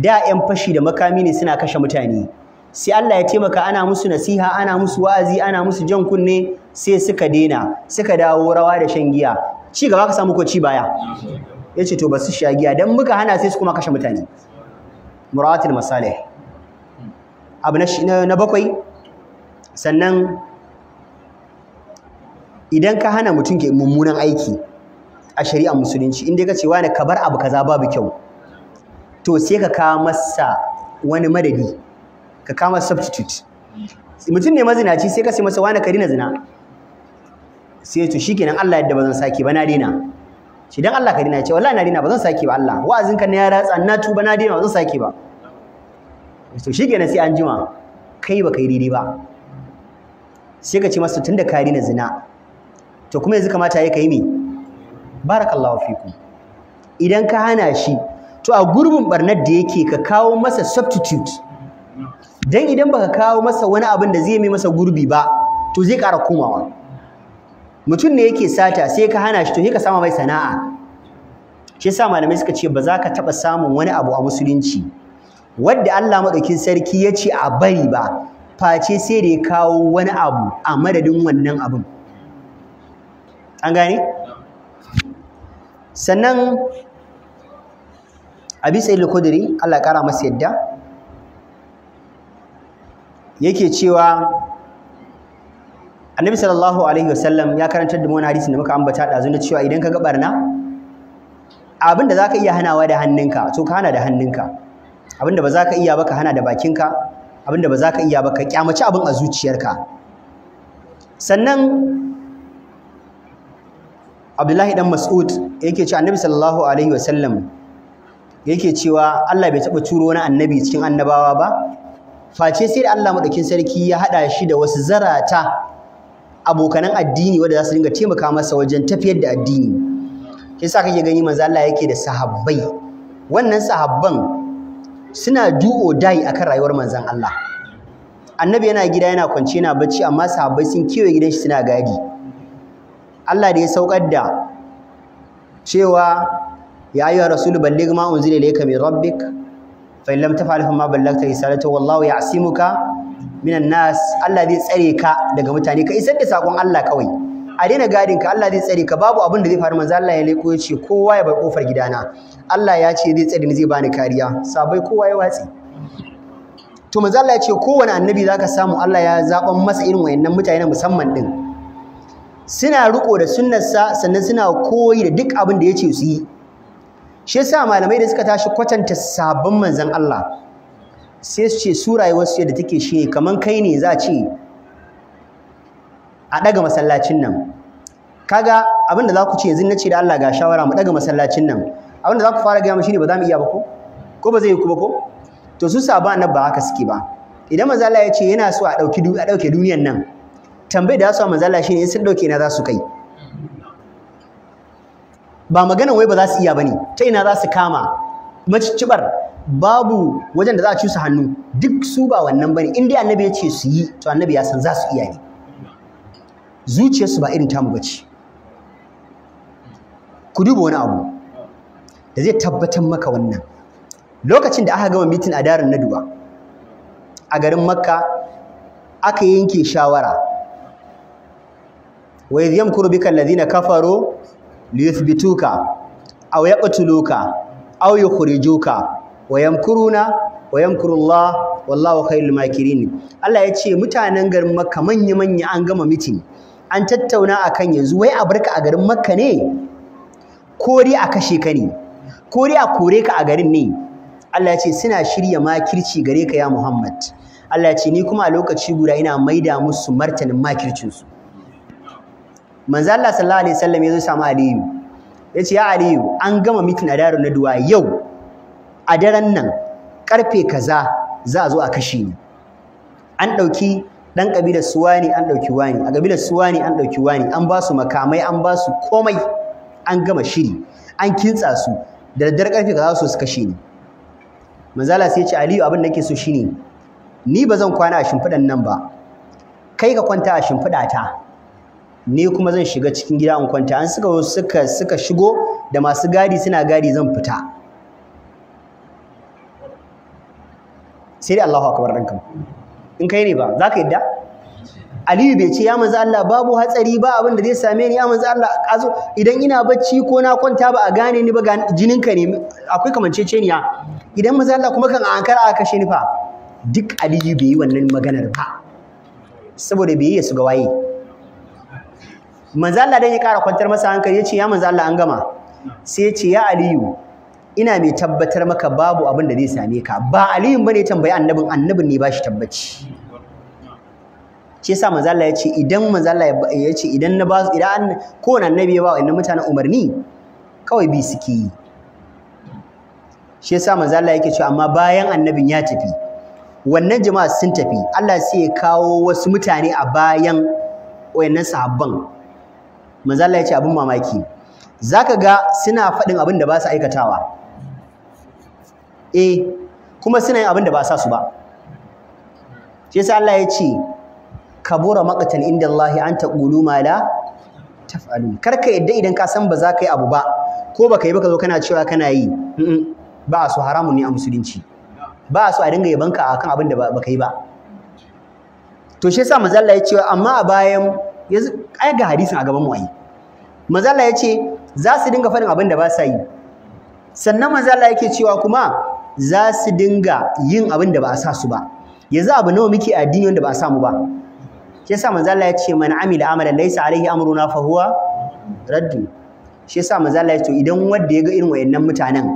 da 'yan fashi da makami ne suna kashe mutane sai Allah ya taimaka ana musu nasiha ana musu wa'azi ana musu jan kunne sai suka dena suka dawo rawa da shan giya ci gaba ka samu ko ci baya ya ce to ba su sha giya muka hana sai su kuma kashe mutane Muratun masalih abu na bakwai sannan idan ka hana mutum ke mummunan aiki a shari'ar musulunci in dai ka ce wani ka bar abu kaza babu kyau to sai ka kawo masa wani madadi ka kawo masa substitute mutum ne mazinaci sai ka ce masa wani ka dina zina sai to shikenan Allah yadda ba zan sake ba na dina shi dan Allah ka dina ce wallahi na dina ba zan sake ba Allah wa'azin ka ne ya ratsa na tuba na dina ba zan sake ba to shikenan sai an jima kai ba kai daidai ba sai ka ce masa tunda ka dina zina to kuma yanzu kamata yayi kai me barakallahu fikum idan ka hana shi to a gurbin barnar da yake ka kawo masa substitute dan idan baka kawo masa wani abin da zai mai masa gurbi ba to zai kara komawa mutum ne yake sata sai ka hana shi to sai ka sama mai sana'a shi yasa malamai suka ce ba za ka taɓa samun wani abu a musulunci wanda Allah madaukin sarki ya ce a bari ba face sai da ya kawo wani abu a madadin wannan abin an gane sannan a bisa al-khudri Allah ya kara masa yadda yake cewa annabi sallallahu alaihi wasallam ya karantar da mu wani hadisin da muka ambata da na cewa idan ka ga barna abin da zaka iya hanawa da hannunka to ka hana da hannunka abin da ba zaka ka iya ba ka hana da bakinka abin da ba zaka ka iya ba ka kyamaci abin a zuciyarka sannan Abdullahi dan Mas'ud yake cewa Annabi sallallahu alaihi wasallam yake cewa Allah bai taba turo wani annabi cikin annabawa ba face sai da Allah madaukin sarki ya haɗa shi da wasu zarata abokanan addini wanda za su dinga taimaka masa wajen tafiyar da addini yasa kake gani manzo Allah yake da sahabbai wannan sahabban suna du'o dai akan rayuwar manzon Allah annabi yana gida yana kwance yana bacci amma sahabbai sun kewaye gidan shi suna gadi Allah da ya saukar da cewa ya ayyuhar rasul balligh ma unzila ilayka min rabbik fa in lam taf'al fa ma ballaghta risalata wallahu ya'simuka minan nas Allah zai tsare ka daga mutane ka isar da sakon Allah kawai a daina gadin ka Allah zai tsare ka babu abin da zai faru manzo Allah ya leko ya ce kowa ya bar kofar gidana Allah ya ce zai tsare ni zai bani kariya sabai kowa ya watsi to manzo Allah ya ce kowane annabi zaka samu Allah ya zaban masa irin wayannan mutane musamman din suna riko da sunnarsa sannan suna koyi da duk abin da ya ce su yi shi yasa malamai da suka tashi kwatanta sabon manzon Allah sai su ce su rayuwarsu yadda take shi kamar kaman kai ne za a ce a ɗaga masallacin nan kaga abin da za ku ce yanzu na ce da Allah ga shawara mu ɗaga masallacin nan abin da za ku fara gaya mu shine ba za mu iya ba ko ko ba zai yi ku ba ko to su sabon nan ba haka suke ba idan manzo Allah ya ce yana so a a ɗauke duniyar nan tambayi da za su manzala shine in sun dauke ina za su kai ba magana wai ba za su iya bane ta ina za su kama macicibar babu wajen da za a ci su hannu duk su ba wannan bane in dai annabi ya ce su yi to annabi ya san za su iya ne zuciyarsu ba irin tamu bace ku duba wani abu da zai tabbatar maka wannan lokacin da aka gama mitin a darin naduwa a garin makka aka yanke shawara wa idh yamkuru bika alladhina kafaru liyuthbituka aw yaqtuluka aw yukhrijuka wa yamkuruna wa yamkuru Allah wallahu khairul makirin Allah ya ce mutanen garin Makka manya manya an gama mitin an tattauna akan yanzu wai a barka a garin Makka ne ko a kashe ka ne ko a kore ka a garin ne Allah ya ce suna shirya makirci gare ka ya Muhammad Allah ya ce ni kuma a lokaci guda ina maida musu martanin makircinsu manzo Allah sallallahu alaihi wasallam ya zo samu Aliyu yace ce ya Aliyu an gama mitin a na duwa yau a daren nan karfe kaza za a zo a kashe ni an dauki dan kabilar suwani an dauki wani a kabilar suwani an dauki wani an ba su makamai an ba su komai an gama shiri an kintsa su da daddare karfe kaza su su kashe ni Allah sai ya ce Aliyu abin da yake so shine ni bazan kwana a shimfidan nan ba kai ka kwanta a shimfiɗa ta ni kuma zan shiga cikin gida in kwanta an suka suka suka shigo da masu gadi suna gadi zan fita sai dai Allahu akbar ranka in kai ne ba za ka yadda Aliyu bai ce ya manzo Allah babu hatsari ba abin da zai same ni ya manzo Allah azo idan ina bacci ko na kwanta ba a gane ni ba ga jininka ne akwai kamanceceniya idan manzo Allah kuma kan ankar a kashe ni fa duk Aliyu bai yi wannan maganar ba saboda bai yi su ga waye manzo Allah dan ya kara kwantar masa hankali ya ce ya manzo Allah an gama sai ya ce ya aliyu ina mai tabbatar maka babu abin da zai same ka ba Aliyu bane tambayi annabin annabin ne bashi tabbaci shi yasa manzo Allah ya idan manzo Allah ya ce idan na ba idan kowane annabi ya ba wa mutanen umarni kawai bi suke yi shi yasa manzo Allah yake cewa amma bayan annabin ya tafi wannan jama'a sun tafi Allah sai ya kawo wasu mutane a bayan wayannan sahabban manzo Allah ya ce abin mamaki zaka ga suna faɗin abin da ba su aikatawa eh kuma suna yin abin da ba sa su ba shi yasa Allah ya ce kabura maqatan inda Allah an taqulu ma la taf'alun karka yadda idan ka san ba za ka yi abu ba ko baka yi ba ka zo kana cewa kana yi ba su haramun ne a musulunci ba su a dinga yabanka akan abin da baka yi ba to shi yasa manzo Allah ya ce amma a bayan yanzu ai ga hadisin a gaban waye ai yace ya ce za su dinga faɗin abin da ba sa yi sannan manzo yake cewa kuma za su dinga yin abin da ba a sa su ba yanzu abu nawa muke addini wanda ba a samu ba shi yasa manzo ya ce man amila amalan laysa alaihi amruna fa huwa raddu shi yasa manzo Allah ya ce idan wanda ya ga irin wayannan mutanen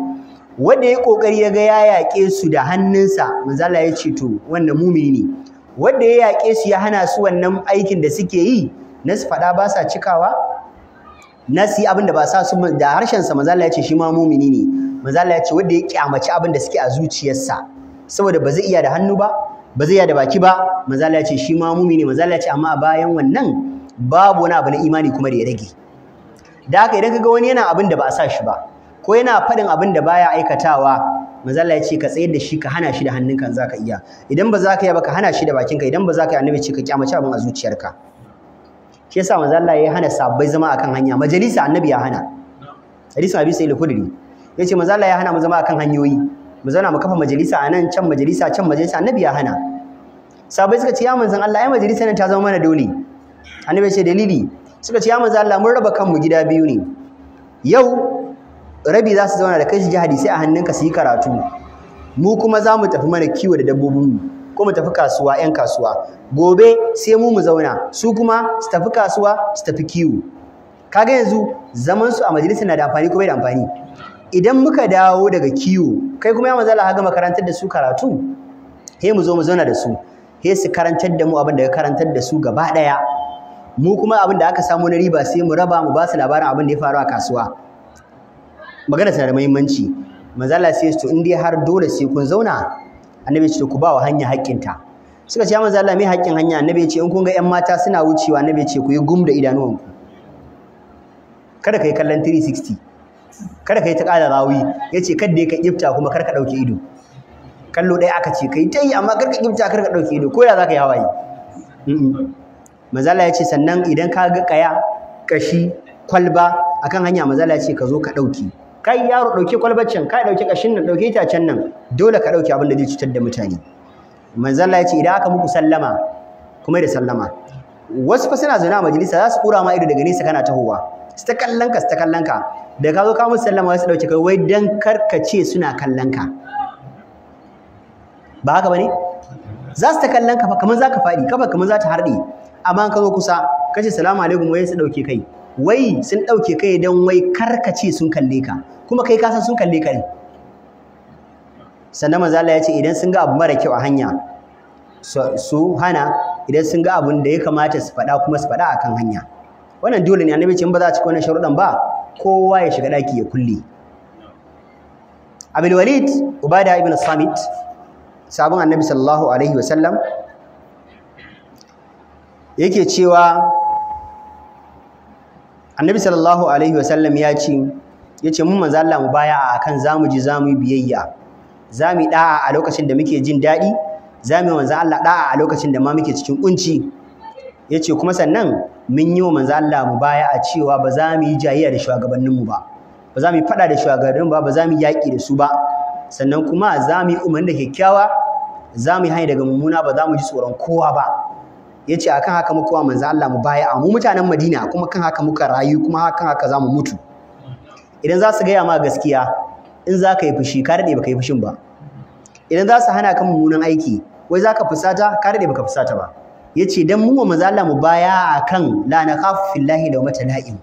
wanda ya kokari ya ga ya yaƙe su da hannunsa manzo ya ce to wannan mumini ne wanda ya yaƙe su ya hana su wannan aikin da suke yi na su faɗa ba sa cikawa na su yi abin da ba sa su da harshensa manzo Allah ya ce shi ma mumini ne Maza Allah ce wanda ya kyamaci abin da suke a zuciyarsa saboda ba zai iya da hannu ba ba zai iya da baki ba maza Allah ya ce shi ma mumini Allah amma a bayan wannan babu wani abu na imani kuma da ya rage da haka idan kaga wani yana abin da ba a sa shi ba ko yana faɗin abin da baya aikatawa maza Allah ce ka tsayar da shi ka hana shi da hannunka zaka iya idan ba za ka iya ba ka hana shi da bakinka idan ba za ka annabi ce ka kyamaci abin a zuciyarka shi yasa manzo Allah ya hana sabbai zama akan hanya majalisa annabi ya hana hadisin abi sa'id al-khudri yace manzo Allah ya hana mu zama akan hanyoyi mu zauna mu kafa majalisa anan can majalisa can majalisa annabi ya hana sabai suka ce ya manzo Allah ai majalisa nan ta zama mana dole annabi ya ce dalili suka ce ya manzo Allah mun raba kanmu gida biyu ne yau rabi za su zauna da kai su ji hadisai a hannunka su yi karatu mu kuma za mu tafi mana kiwo da dabbobinmu ko mu tafi kasuwa 'yan kasuwa gobe sai mu mu zauna su kuma su tafi kasuwa su tafi kiwo kaga yanzu zaman su a majalisar na da amfani ko bai da amfani idan muka dawo daga kiwo kai kuma ya manzala haga makarantar da su karatu he mu zo mu zauna da su he su karantar da mu abin da ka karantar da su gaba daya mu kuma abin da aka samu na riba sai mu raba mu ba su labarin abin da ya faru a kasuwa magana tana da muhimmanci manzala sai to in dai har dole sai kun zauna annabi ce ku ba wa hanya haƙƙinta suka ce ya manzo Allah me haƙƙin hanya annabi ce in kun ga ƴan mata suna wucewa annabi ce ku yi gum da idanuwanku kada ka yi kallon 360 kada ka yi ta ƙara rawi ya ce kada ka kifta kuma kar ka ɗauke ido kallo ɗaya aka ce ka yi ta yi amma kar ka ƙifta kar ka ɗauke ido ko ya za ka yi hawaye mazala ya ce sannan idan ka ga kaya, ƙashi kwalba akan hanya mazala ya ce ka zo ka dauke kai yaro ɗauki kwalbaccin kai ɗauki ƙashin nan ɗauki itacen nan dole ka ɗauki abin da zai cutar da mutane manzo Allah ya ce idan aka muku sallama kuma da sallama wasu fa suna zaune a majalisa za su kura ma ido daga nesa kana tahowa su ta kallon ka su ta kallon ka da ka zo ka musu sallama wasu ɗauki kai wai dan ce suna kallon ka ba haka bane za su ta kallon ka fa kamar za ka faɗi kafa kamar za ta harɗe amma ka zo kusa kace salamu alaikum wai su ɗauki kai wai sun ɗauke kai don wai ce sun kalle ka kuma kai kasan sun kalle ka ne sannan manzo ya ce idan sun ga abu mara kyau a hanya su hana idan sun ga abun da ya kamata su faɗa kuma su faɗa akan hanya wannan dole ne annabi ce in ba za a cika wannan sharuɗan ba kowa ya shiga ɗaki ya kulle Abdul Walid Ubada ibn Samit sabon annabi sallallahu alaihi wasallam yake cewa annabi sallallahu alaihi wasallam ya ce ya ce mun manzo Allah mu baya a kan zamu ji zamu yi biyayya zamu yi da'a a lokacin da muke jin daɗi zamu yi manzo Allah da'a a lokacin da ma muke cikin ƙunci. ya ce kuma sannan mun yi wa manzo Allah mu baya a cewa ba za mu yi jayayya da shugabanninmu ba ba za mu yi faɗa da shugabanninmu ba ba za mu yi yaƙi da su ba sannan kuma za mu yi umarni da kyakkyawa za mu yi hanyar daga mummuna ba za mu ji tsoron kowa ba ya ce a kan haka muka wa manzan Allah mu baya mu mutanen Madina kuma kan haka muka rayu kuma kan haka za mu mutu idan za su gaya ma gaskiya in za ka yi fushi ka daɗe baka yi fushin ba idan za su hana kan mummunan aiki wai za ka fusata ka daɗe baka fusata ba ya ce don mu wa manzo Allah mu baya kan la nakhafu fillahi wata la'im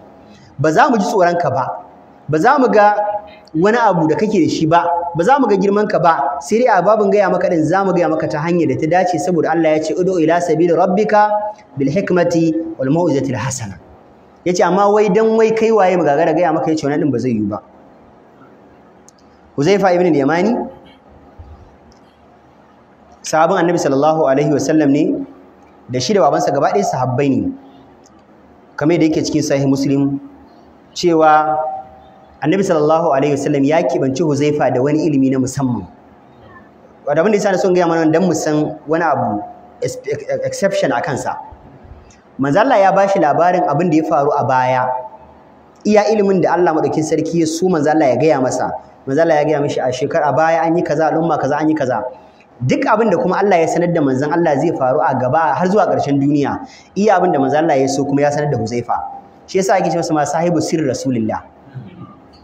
ba za mu ji tsoron ka ba ba za mu ga wani abu da kake da shi ba ba za mu ga girman ka ba sai dai a babin gaya maka din za mu gaya maka ta hanyar da ta dace saboda Allah ya ce udu ila sabili rabbika bil hikmati wal mau'izati al hasana yace amma wai dan wai kai waye mu da gaya maka yace wannan din ba zai yi ba Huzaifa ibn Yamani sahabban Annabi sallallahu alaihi wasallam ne da shi da babansa gaba ɗaya sahabbai ne kamar da yake cikin sahih Muslim cewa annabi sallallahu alaihi wasallam ya kibanci huzaifa da wani ilimi na musamman wadda abin da yasa na son gaya mana dan mu san wani abu exception a kansa manzo Allah ya bashi labarin abin da ya faru a baya iya ilimin da Allah madaukin sarki ya su manzo Allah ya gaya masa manzo Allah ya gaya mishi a shekara baya an yi kaza al'umma kaza an yi kaza duk abin da kuma Allah ya sanar da manzon Allah zai faru a gaba har zuwa ƙarshen duniya iya abin da manzon Allah ya so kuma ya sanar da Huzaifa shi yasa ake cewa ma sahibu sirri rasulillah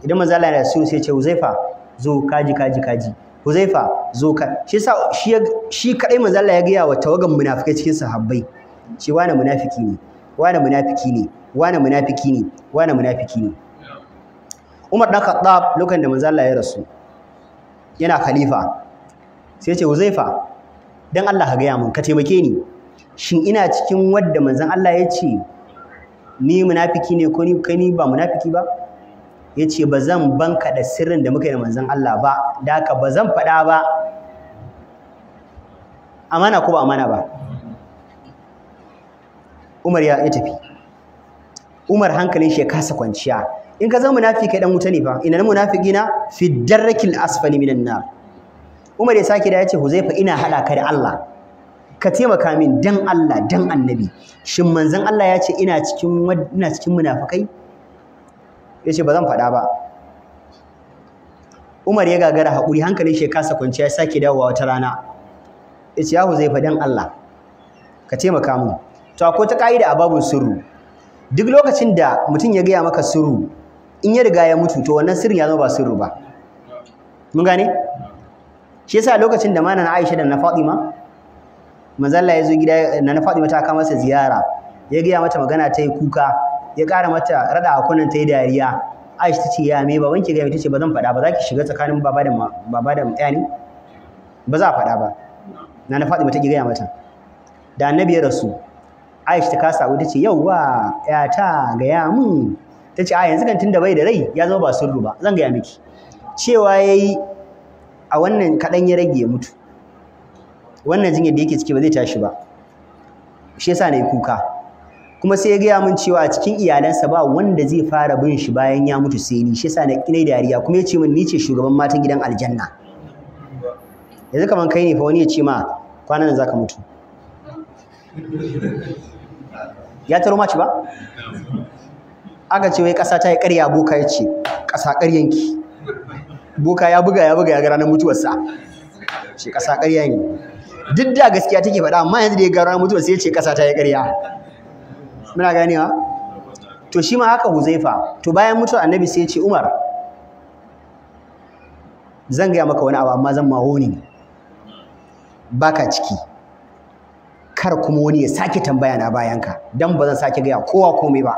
idan manzo Allah yana so sai ce Huzaifa zo kaji kaji kaji Huzaifa zo ka shi sa shi shi kadai manzo Allah ya ga wa tawagan munafikai cikin sahabbai shi wani munafiki ne wani munafiki ne wani munafiki ne wani munafiki ne Umar dan Khattab lokacin da manzo Allah ya rasu yana khalifa sai ce Huzaifa dan Allah ka gaya mun ka taimake ni shin ina cikin wadda manzon Allah ya ce ni munafiki ne ko ni kai ni ba munafiki ba ya ce ba zan banka da sirrin da muka yi da manzon Allah ba da ka ba zan faɗa ba amana ko ba amana ba Umar ya tafi Umar hankalin shi ya kasa kwanciya in ka zama munafiki dan wuta ne fa ina munafiki na fi darrakil asfali minan nar Umar ya sake da ya ce Huzaifa ina hada ka da Allah ka taimaka min dan Allah dan annabi shin manzon Allah ya ce ina cikin ina cikin munafikai ya ce ba zan faɗa ba Umar ya gagara haƙuri hankalin shi ya kasa kwanciya ya sake dawowa wata rana ya ce yahu zai faɗin Allah ka taimaka mun to akwai ta ƙa'ida a babun sirru duk lokacin da mutum ya gaya maka sirru in ya riga ya mutu to wannan sirrin ya zama ba sirru ba mun gane shi yasa lokacin da mana na Aisha da na Fatima manzo Allah ya zo gida na na Fatima ta kama masa ziyara ya gaya mata magana ta yi kuka ya ƙara mata raɗa a kunan ta yi dariya Aisha ta ce ya me baban ki gaya ta ce ba zan faɗa ba za ki shiga tsakanin baba da baba da yani ba za a faɗa ba na na Fatima ta ki gaya mata da annabi ya rasu Aisha ta kasa ta ce yauwa ta gaya mun ta ce a yanzu kan tunda bai da rai ya zama ba sirru ba zan gaya miki cewa yayi a wannan kaɗan ya rage ya mutu wannan jinyar da yake ciki ba zai tashi ba shi yasa na yi kuka kuma sai ya gaya min cewa a cikin iyalansa ba wanda zai fara bin shi bayan ya mutu sai ni shi yasa na kinai dariya kuma ya ce min ni ce shugaban matan gidan aljanna yanzu kaman kai ne fa wani ya ce ma kwanan zaka mutu ya taro mace ba aka ce wai ƙasa ta yi ƙarya boka ya ce ƙasa ki boka ya buga ya buga ya ga ranar mutuwarsa ce kasa ƙarya ne duk da gaskiya take faɗa amma yanzu da ya ga ranar mutuwarsa ya ce ƙasa ta yi ƙarya muna ganewa to shi ma haka huzaifa to bayan mutuwar annabi sai ya ce umar zan gaya maka wani abu amma zan ma ba baka ciki kar kuma wani ya sake tambaya na bayanka don ba zan sake gaya kowa komai ba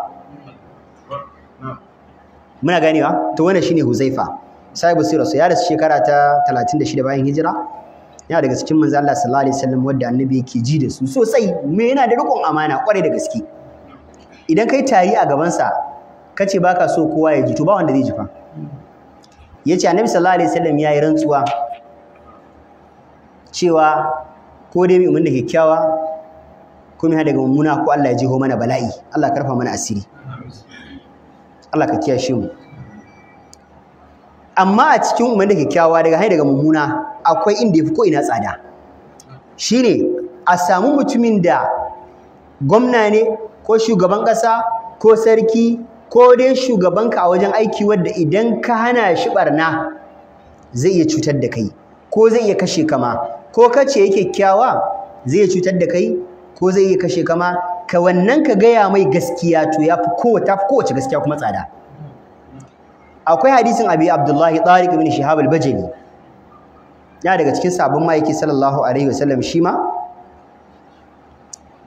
muna ganewa to wannan shine huzaifa sahibu sirrasu ya rasu shekara ta 36 bayan hijira yana daga cikin manzo Allah sallallahu alaihi wasallam wanda annabi yake ji da su sosai me yana da rikon amana kwarai da gaske idan kai tari a gabansa ka ce baka so kowa ya ji to ba wanda zai ji fa ya ce annabi sallallahu alaihi wasallam ya yi rantsuwa cewa ko dai mu'min da kyakkyawa ko mai daga mummuna ko Allah ya jiho mana bala'i Allah karfa mana asiri Allah ka kiyashe mu amma a cikin umar da kyakkyawa daga hai daga mummuna akwai inda ya fi ko ina tsada shine a samu mutumin da gwamna ne ko shugaban ƙasa ko sarki ko dai shugabanka a wajen aiki wadda idan ka hana shi barna zai iya cutar da kai ko zai iya kashe kama ko kace yake kyawa zai iya cutar da kai ko zai iya kashe kama ka wannan ka gaya mai gaskiya to ya fi kowace gaskiya kuma tsada akwai hadisin abi abdullahi tariq ibn shihab al-bajali ya daga cikin sabon yake sallallahu alaihi wasallam shi ma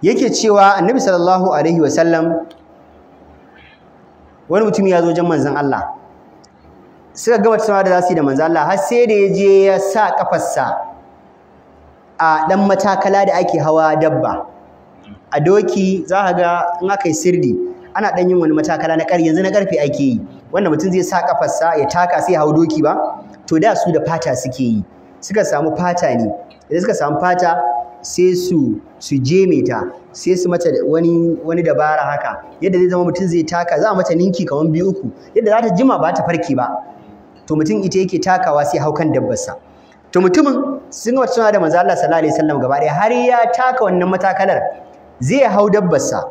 yake cewa annabi sallallahu alaihi wasallam wani mutum ya zo wajen manzan Allah suka gama samar da zasu su yi da manzon Allah har sai da ya je ya sa kafarsa a dan matakala da ake hawa dabba a doki za ka ga in aka yi sirdi ana dan yin wani matakala na ƙarfi yanzu na ƙarfe ake yi wanda mutum zai sa kafarsa ya taka sai ya hau doki ba to da su da fata suke yi suka samu fata ne idan suka samu fata sai su su jeme ta sai su mata wani wani dabara haka yadda zai zama mutum zai taka za a mata ninki kaman biyu uku yadda za ta jima ba ta farke ba to mutum ita yake takawa sai haukan dabbarsa to mutumin sun wata suna da manzo Allah sallallahu alaihi wasallam gaba ɗaya har ya taka wannan matakalar zai hau dabbarsa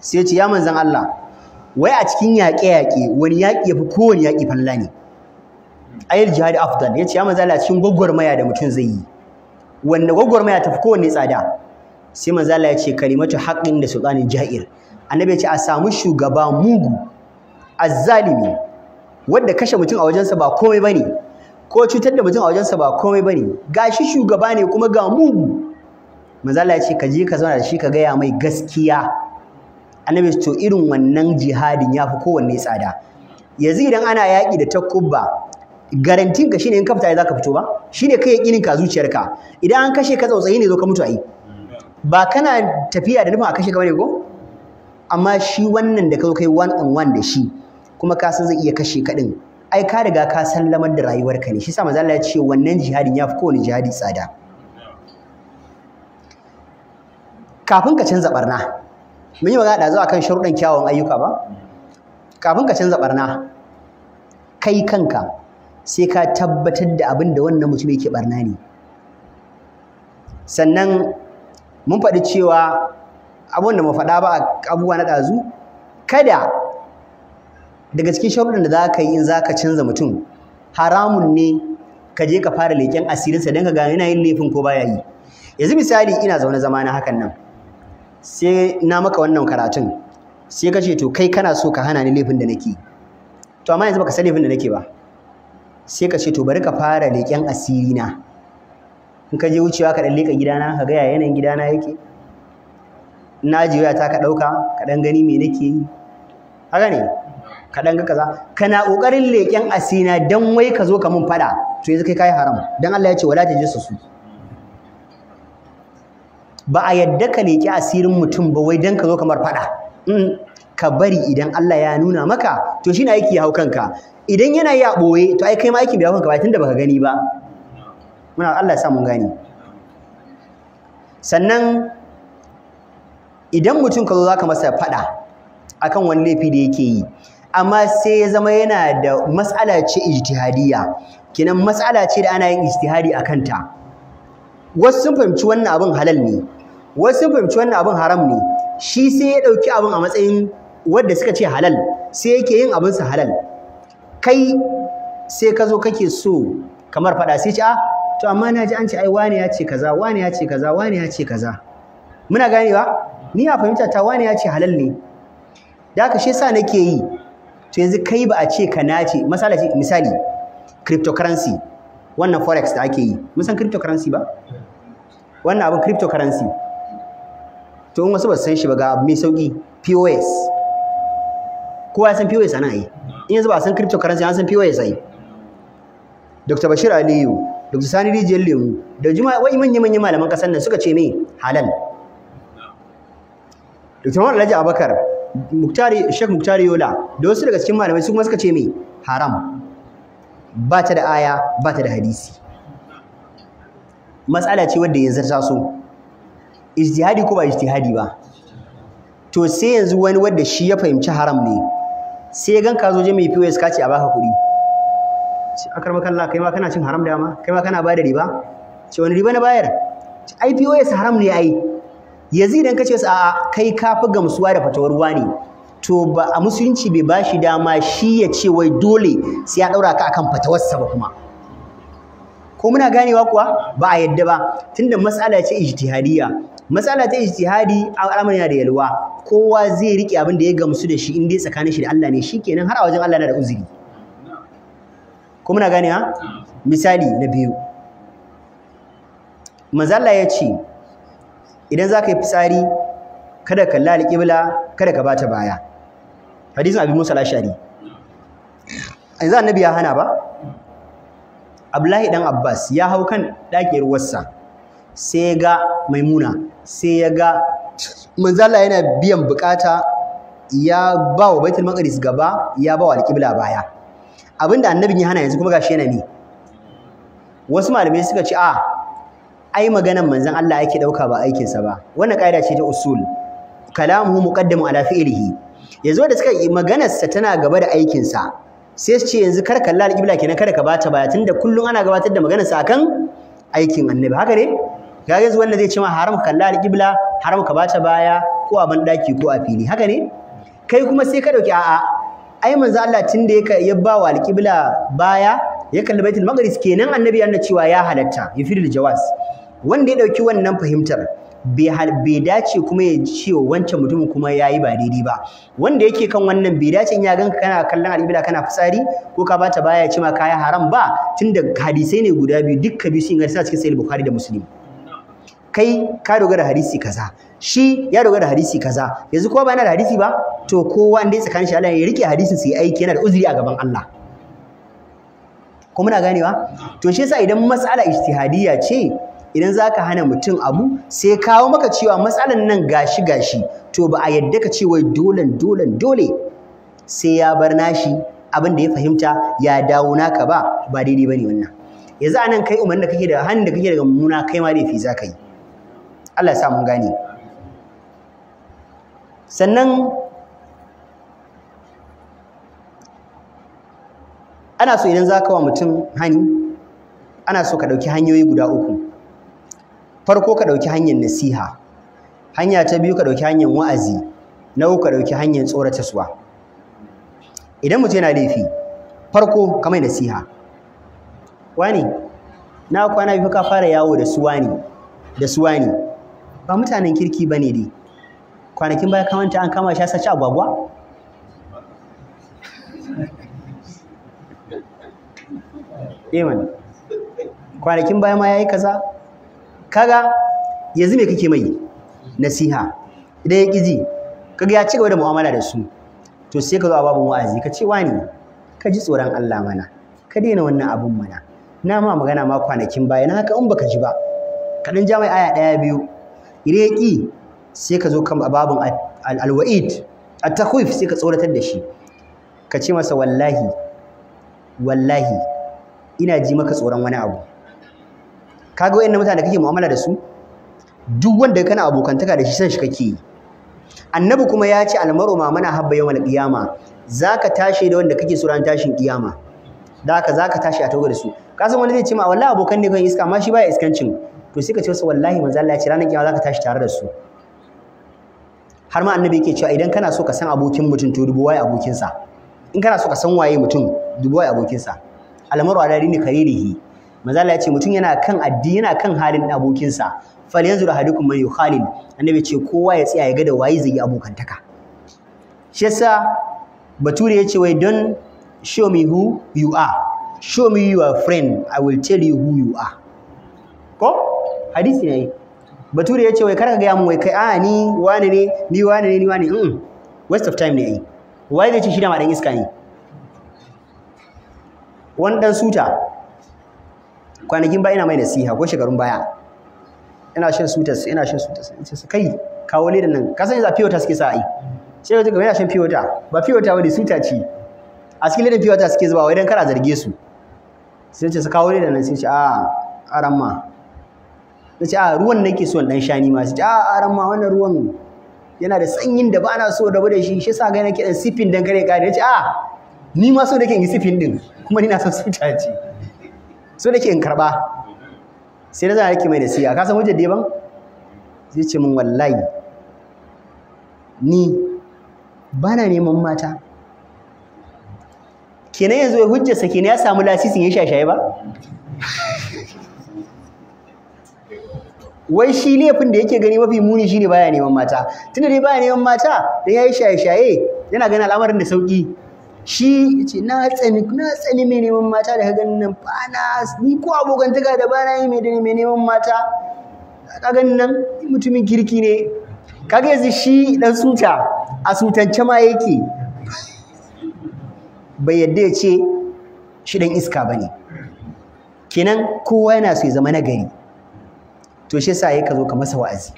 sai ce ya manzon Allah wai a cikin yaƙe-yaƙe wani yaƙi yafi kowani yaƙi falla ne ayil jihad afdal yace ya manzo Allah cikin gwagwarmaya da mutum zai yi wanne gwagwarmaya fi kowanne tsada sai Manzala ya ce kalimatu haqqin da sultanin ja'ir annabi ya ce a samu shugaba mugu azzalimi wanda kashe mutum a wajensa ba komai bane ko cutar da mutum a wajensa ba komai bane gashi shugaba ne kuma ga mugu Manzala ya ce ka je ka zauna da shi ka gaya mai gaskiya annabi to irin wannan jihadin ya fi kowanne tsada yanzu idan ana yaƙi da takubba garantin ka shine in ka fita za zaka fito ba shine kai yakinin ka zuciyarka idan an kashe ka tsautsayi ne zo ka mutu ai ba kana tafiya da nufin a kashe ka bane ko amma shi wannan da ka zo kai one on one da shi kuma ka san zai iya kashe ka din ai ka riga ka san lamar da rayuwarka ne shi sa manzo Allah ya ce wannan jihadin ya fi kowane jihadi tsada kafin ka canza barna mun yi magana da zuwa kan sharuɗan kyawun ayyuka ba kafin ka canza barna kai kanka sai ka tabbatar da abin da wannan mutum yake barna ne sannan mun faɗi cewa abin da mu faɗa ba a abubuwa na ɗazu kada daga cikin sharuɗin da za ka yi in za ka canza mutum haramun ne ka je ka fara leƙen asirinsa don ka gane yana yin laifin ko baya yi yanzu misali ina zaune zama na hakan nan sai na maka wannan karatun sai ka ce to kai kana so ka hana ni laifin da nake to amma yanzu baka san laifin da nake ba sai ka ce to bari ka fara leƙen asiri na in ka je wucewa ka ɗan leƙa gidana ka gaya yanayin gidana yake na ji ta ka ɗauka ka ɗan gani me nake yi haka ne ka ɗan ga kaza kana ƙoƙarin leƙen na dan wai ka zo ka mun faɗa to yanzu kai kayi haram dan Allah ya ce wala tajassu su ba a yadda ka leƙi asirin mutum ba wai dan ka zo kamar faɗa mm, ka bari idan Allah ya nuna maka to shine aiki ya hau kanka idan yana yi a ɓoye to ai kai ma aikin biya kanka ba da baka gani ba muna Allah ya sa mun gani. sannan idan mutum ka zo zaka masa faɗa akan wani laifi da yake yi amma sai ya zama yana da matsala ce ijtihadiyya kenan matsala ce da ana yin ijtihadi a kanta wasu sun fahimci wannan abin halal ne wasu sun fahimci wannan abin haram ne shi sai ya ɗauki abin a matsayin wadda suka ce halal sai yake yin abinsa halal kai sai ka zo kake so kamar faɗa sai ci a ah, to amma na ji an ce ai wane ya ce kaza wane ya ce kaza wane ya ce kaza muna ganewa ni a fahimta ta wane ya ce halal ne da haka shi yasa nake yi to yanzu kai ba a ce ka nace misali misali cryptocurrency wannan forex da ake yi mun san cryptocurrency ba wannan abin cryptocurrency to in wasu ba su san shi ba ga mai sauki POS kowa ya san POS ana yi in yanzu ba san cryptocurrency an san POS ai Dr. Bashir Aliyu Dr. Sani Rijiyar Lemu da juma wai manyan manyan malaman kasar nan suka ce me halal Dr. Muhammad Alhaji Abakar Muktari Sheikh Muktari Yola da wasu daga cikin malamai su kuma suka ce me haram ba ta da aya ba ta da hadisi matsala ce wadda ya zarta so ijtihadi ko ba ijtihadi ba to sai yanzu wani wadda shi ya fahimci haram ne sai ya ganka zo mai POS ka ce a baka kuɗi sai akar makalla kai ma kana cin haram da ma kai ma kana bada riba ce wani riba na bayar ai POS haram ne ai zi don kace su a kai kafi gamsuwa da fatawar ruwa ne to ba a musulunci bai ba shi dama shi ya ce wai dole sai ya ɗaura ka akan fatawarsa ba kuma ko muna ganewa kuwa ba a yadda ba tunda matsala ce ijtihadiyya matsala ta ijtihadi al'amari yana da yalwa kowa zai rike abin da ya gamsu da shi in dai tsakanin shi da Allah ne shikenan har a wajen Allah na da uzuri ko muna gane ha misali na biyu Mazalla ya ce idan za ka yi fitsari kada ka lali ƙibla kada ka bata baya hadisin abin musa lashari yanzu annabi ya hana ba abdullahi dan abbas ya hau kan ɗakin ruwarsa sai ya ga maimuna sai ya ga manzala yana biyan bukata ya ba wa baitul maqdis gaba ya ba wa alqibla baya abinda annabin ya hana yanzu kuma gashi yana ne. wasu malamai suka ce a ai maganan manzon Allah yake dauka ba aikin sa ba wannan kaida ce ta usul kalamuhu muqaddamu ala fi'lihi yanzu da suka yi maganar sa tana gaba da aikin sa sai su ce yanzu kar kalla alqibla kenan kada ka bata baya tunda kullun ana gabatar da maganar sa akan aikin annabi haka ne ga yanzu wanda zai ce ma haram kalla al'qibla haram ka bata baya ko a daki ko a fili haka ne kai kuma sai ka dauki a'a ai manzo Allah tun da ya ba wa al'qibla baya ya kalli baitul maqdis kenan annabi ya cewa ya halatta yufidul jawaz wanda ya dauki wannan fahimtar bai dace kuma ya ce wa wancan mutumin kuma ya yi ba daidai ba wanda yake kan wannan bai dace in ya ganka kana kallon al'ibila kana fitsari ko ka bata baya ya ce ma kaya haram ba da hadisai ne guda biyu bi biyu sun suna cikin sahih bukhari da muslim kai ka dogara hadisi kaza shi ya dogara hadisi kaza yanzu kowa ba yana da hadisi ba to kowa inda tsakanin shi Allah ya rike hadisin sai aiki yana da uzuri a gaban Allah ko muna ganewa to shi yasa idan mas'ala ijtihadiyya ce idan zaka hana mutum abu sai kawo maka cewa mas'alan nan gashi gashi to ba a yadda ka ce wai dole dole dole sai ya bar nashi abin da ya fahimta ya dawo naka ba ba daidai bane wannan yanzu anan kai umarni da kake da hannun da kake daga mummuna kai ma laifi za ka yi Allah ya sa mun gane sannan ana so idan za ka wa mutum hani ana so ka ɗauki hanyoyi guda uku farko ka ɗauki hanyar nasiha hanya ta biyu ka ɗauki hanyar wa'azi na uku ka ɗauki hanyar suwa. idan mutum yana laifi farko ka mai nasiha wani na kwana biyu ka fara yawo da suwani da suwani ba mutanen kirki ba ne dai kwanakin baya kamanta an kama shi ya saci agwagwa eh Kwanakin baya ma ya yi kaza. Kaga yanzu me kake mai nasiha idan ya ƙiji kaga ya ci gaba da mu'amala da su to sai ka zo a babu wa'azi ka ce wani ka ji tsoron Allah mana ka daina wannan abun mana na ma magana ma kwanakin baya na haka in baka ji ba ka dan ja mai ɗaya biyu reki sai ka zo kan babin alwa'id at-takhwif sai ka tsoratar da shi ka ce masa wallahi wallahi ina ji maka tsoron wani abu kaga wayannan mutane kake mu'amala da su duk wanda kana abokantaka da shi san shi kake annabi kuma ya ce almaru ma mana habba yawan qiyama zaka tashi da wanda kake tsoron tashin kiyama da haka zaka tashi a tauga da su kasan wani zai ce ma wallahi abokan ne kan iska amma shi baya iskancin to sai ka ce wasu wallahi manzo Allah ya ce ranar kiyama zaka tashi tare da su har ma annabi yake cewa idan kana so ka san abokin mutum to waye abokinsa in kana so ka san waye mutum dubu waye abokinsa almaru adari ne karirihi manzo Allah ya ce mutum yana kan addini, yana kan halin abokinsa fal yanzu ahadukum man yukhalil annabi ce kowa ya tsaya ya ga waye zai yi abokantaka shi yasa bature yace wai don show me who you are show me your friend i will tell you who you are ko hadisi ne bature ya ce wai kar ka gaya mun wai kai a ah, ni wani ne ni wani ne ni wani mm waste of time ne ai wai da ce shi da ma dan iska ne wani dan suta kwanakin ba ina mai nasiha ko shekarun baya ina shan sutas ina shan sutas ina shan kai kawo da nan ka san za fi wata suke sa ai sai ka ga ina shan fi wata ba fi wata wani suta ce a cikin ledan fi wata suke zuba wai dan kana zarge su sai ce su kawo ledan nan sai ce a ah, aramma na ce a ah, ruwan nake so dan shani ma su ce a ah, aran ah, ma wannan ruwan yana da sanyin da ba na so da da shi shi yasa ga nake dan sifin dan kare kare ce a ni ma so nake in sipin sifin din kuma ni na son su tace so nake in karba sai na zana nake mai da siya ka san hujjar ban zai ce min wallahi ni ba na neman mata kenan yanzu hujjarsa kenan ya samu lasisin ya shashaye ba wai shi laifin da yake gani mafi muni shine baya neman mata tunda dai baya neman mata dan yayi shaye-shaye yana ganin al'amarin da sauki shi ce na tsani na tsani mai neman mata da ganin nan bana ni ko abokantaka da bana yi mai dani mai neman mata ka ganin nan mutumin kirki ne kaga yanzu shi dan suta a sutance ma yake bai yadda ya ce shi dan iska bane kenan kowa yana so ya zama nagari to shi yasa ka zo ka masa wa'azi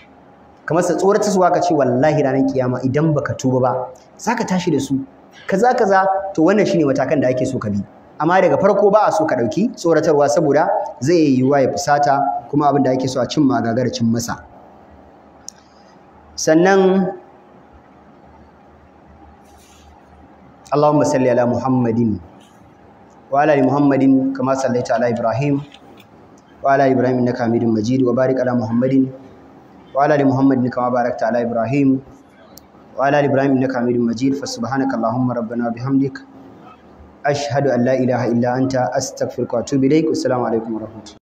ka masa su ka ce wallahi ranar kiyama idan baka tuba ba zaka tashi da su kaza kaza to wannan shine matakan da ake so ka bi amma daga farko ba a so ka dauki tsoratarwa saboda zai yi yiwuwa ya fusata kuma abin da ake so a cin magagar cin masa sannan Allahumma salli ala Muhammadin wa ala ali Muhammadin kama sallaita ala Ibrahim وعلى إبراهيم إنك حميد مجيد وبارك على محمد وعلى آل محمد كما باركت على إبراهيم وعلى آل إبراهيم إنك حميد مجيد فسبحانك اللهم ربنا وبحمدك أشهد أن لا إله إلا أنت أستغفرك وأتوب إليك والسلام عليكم ورحمة الله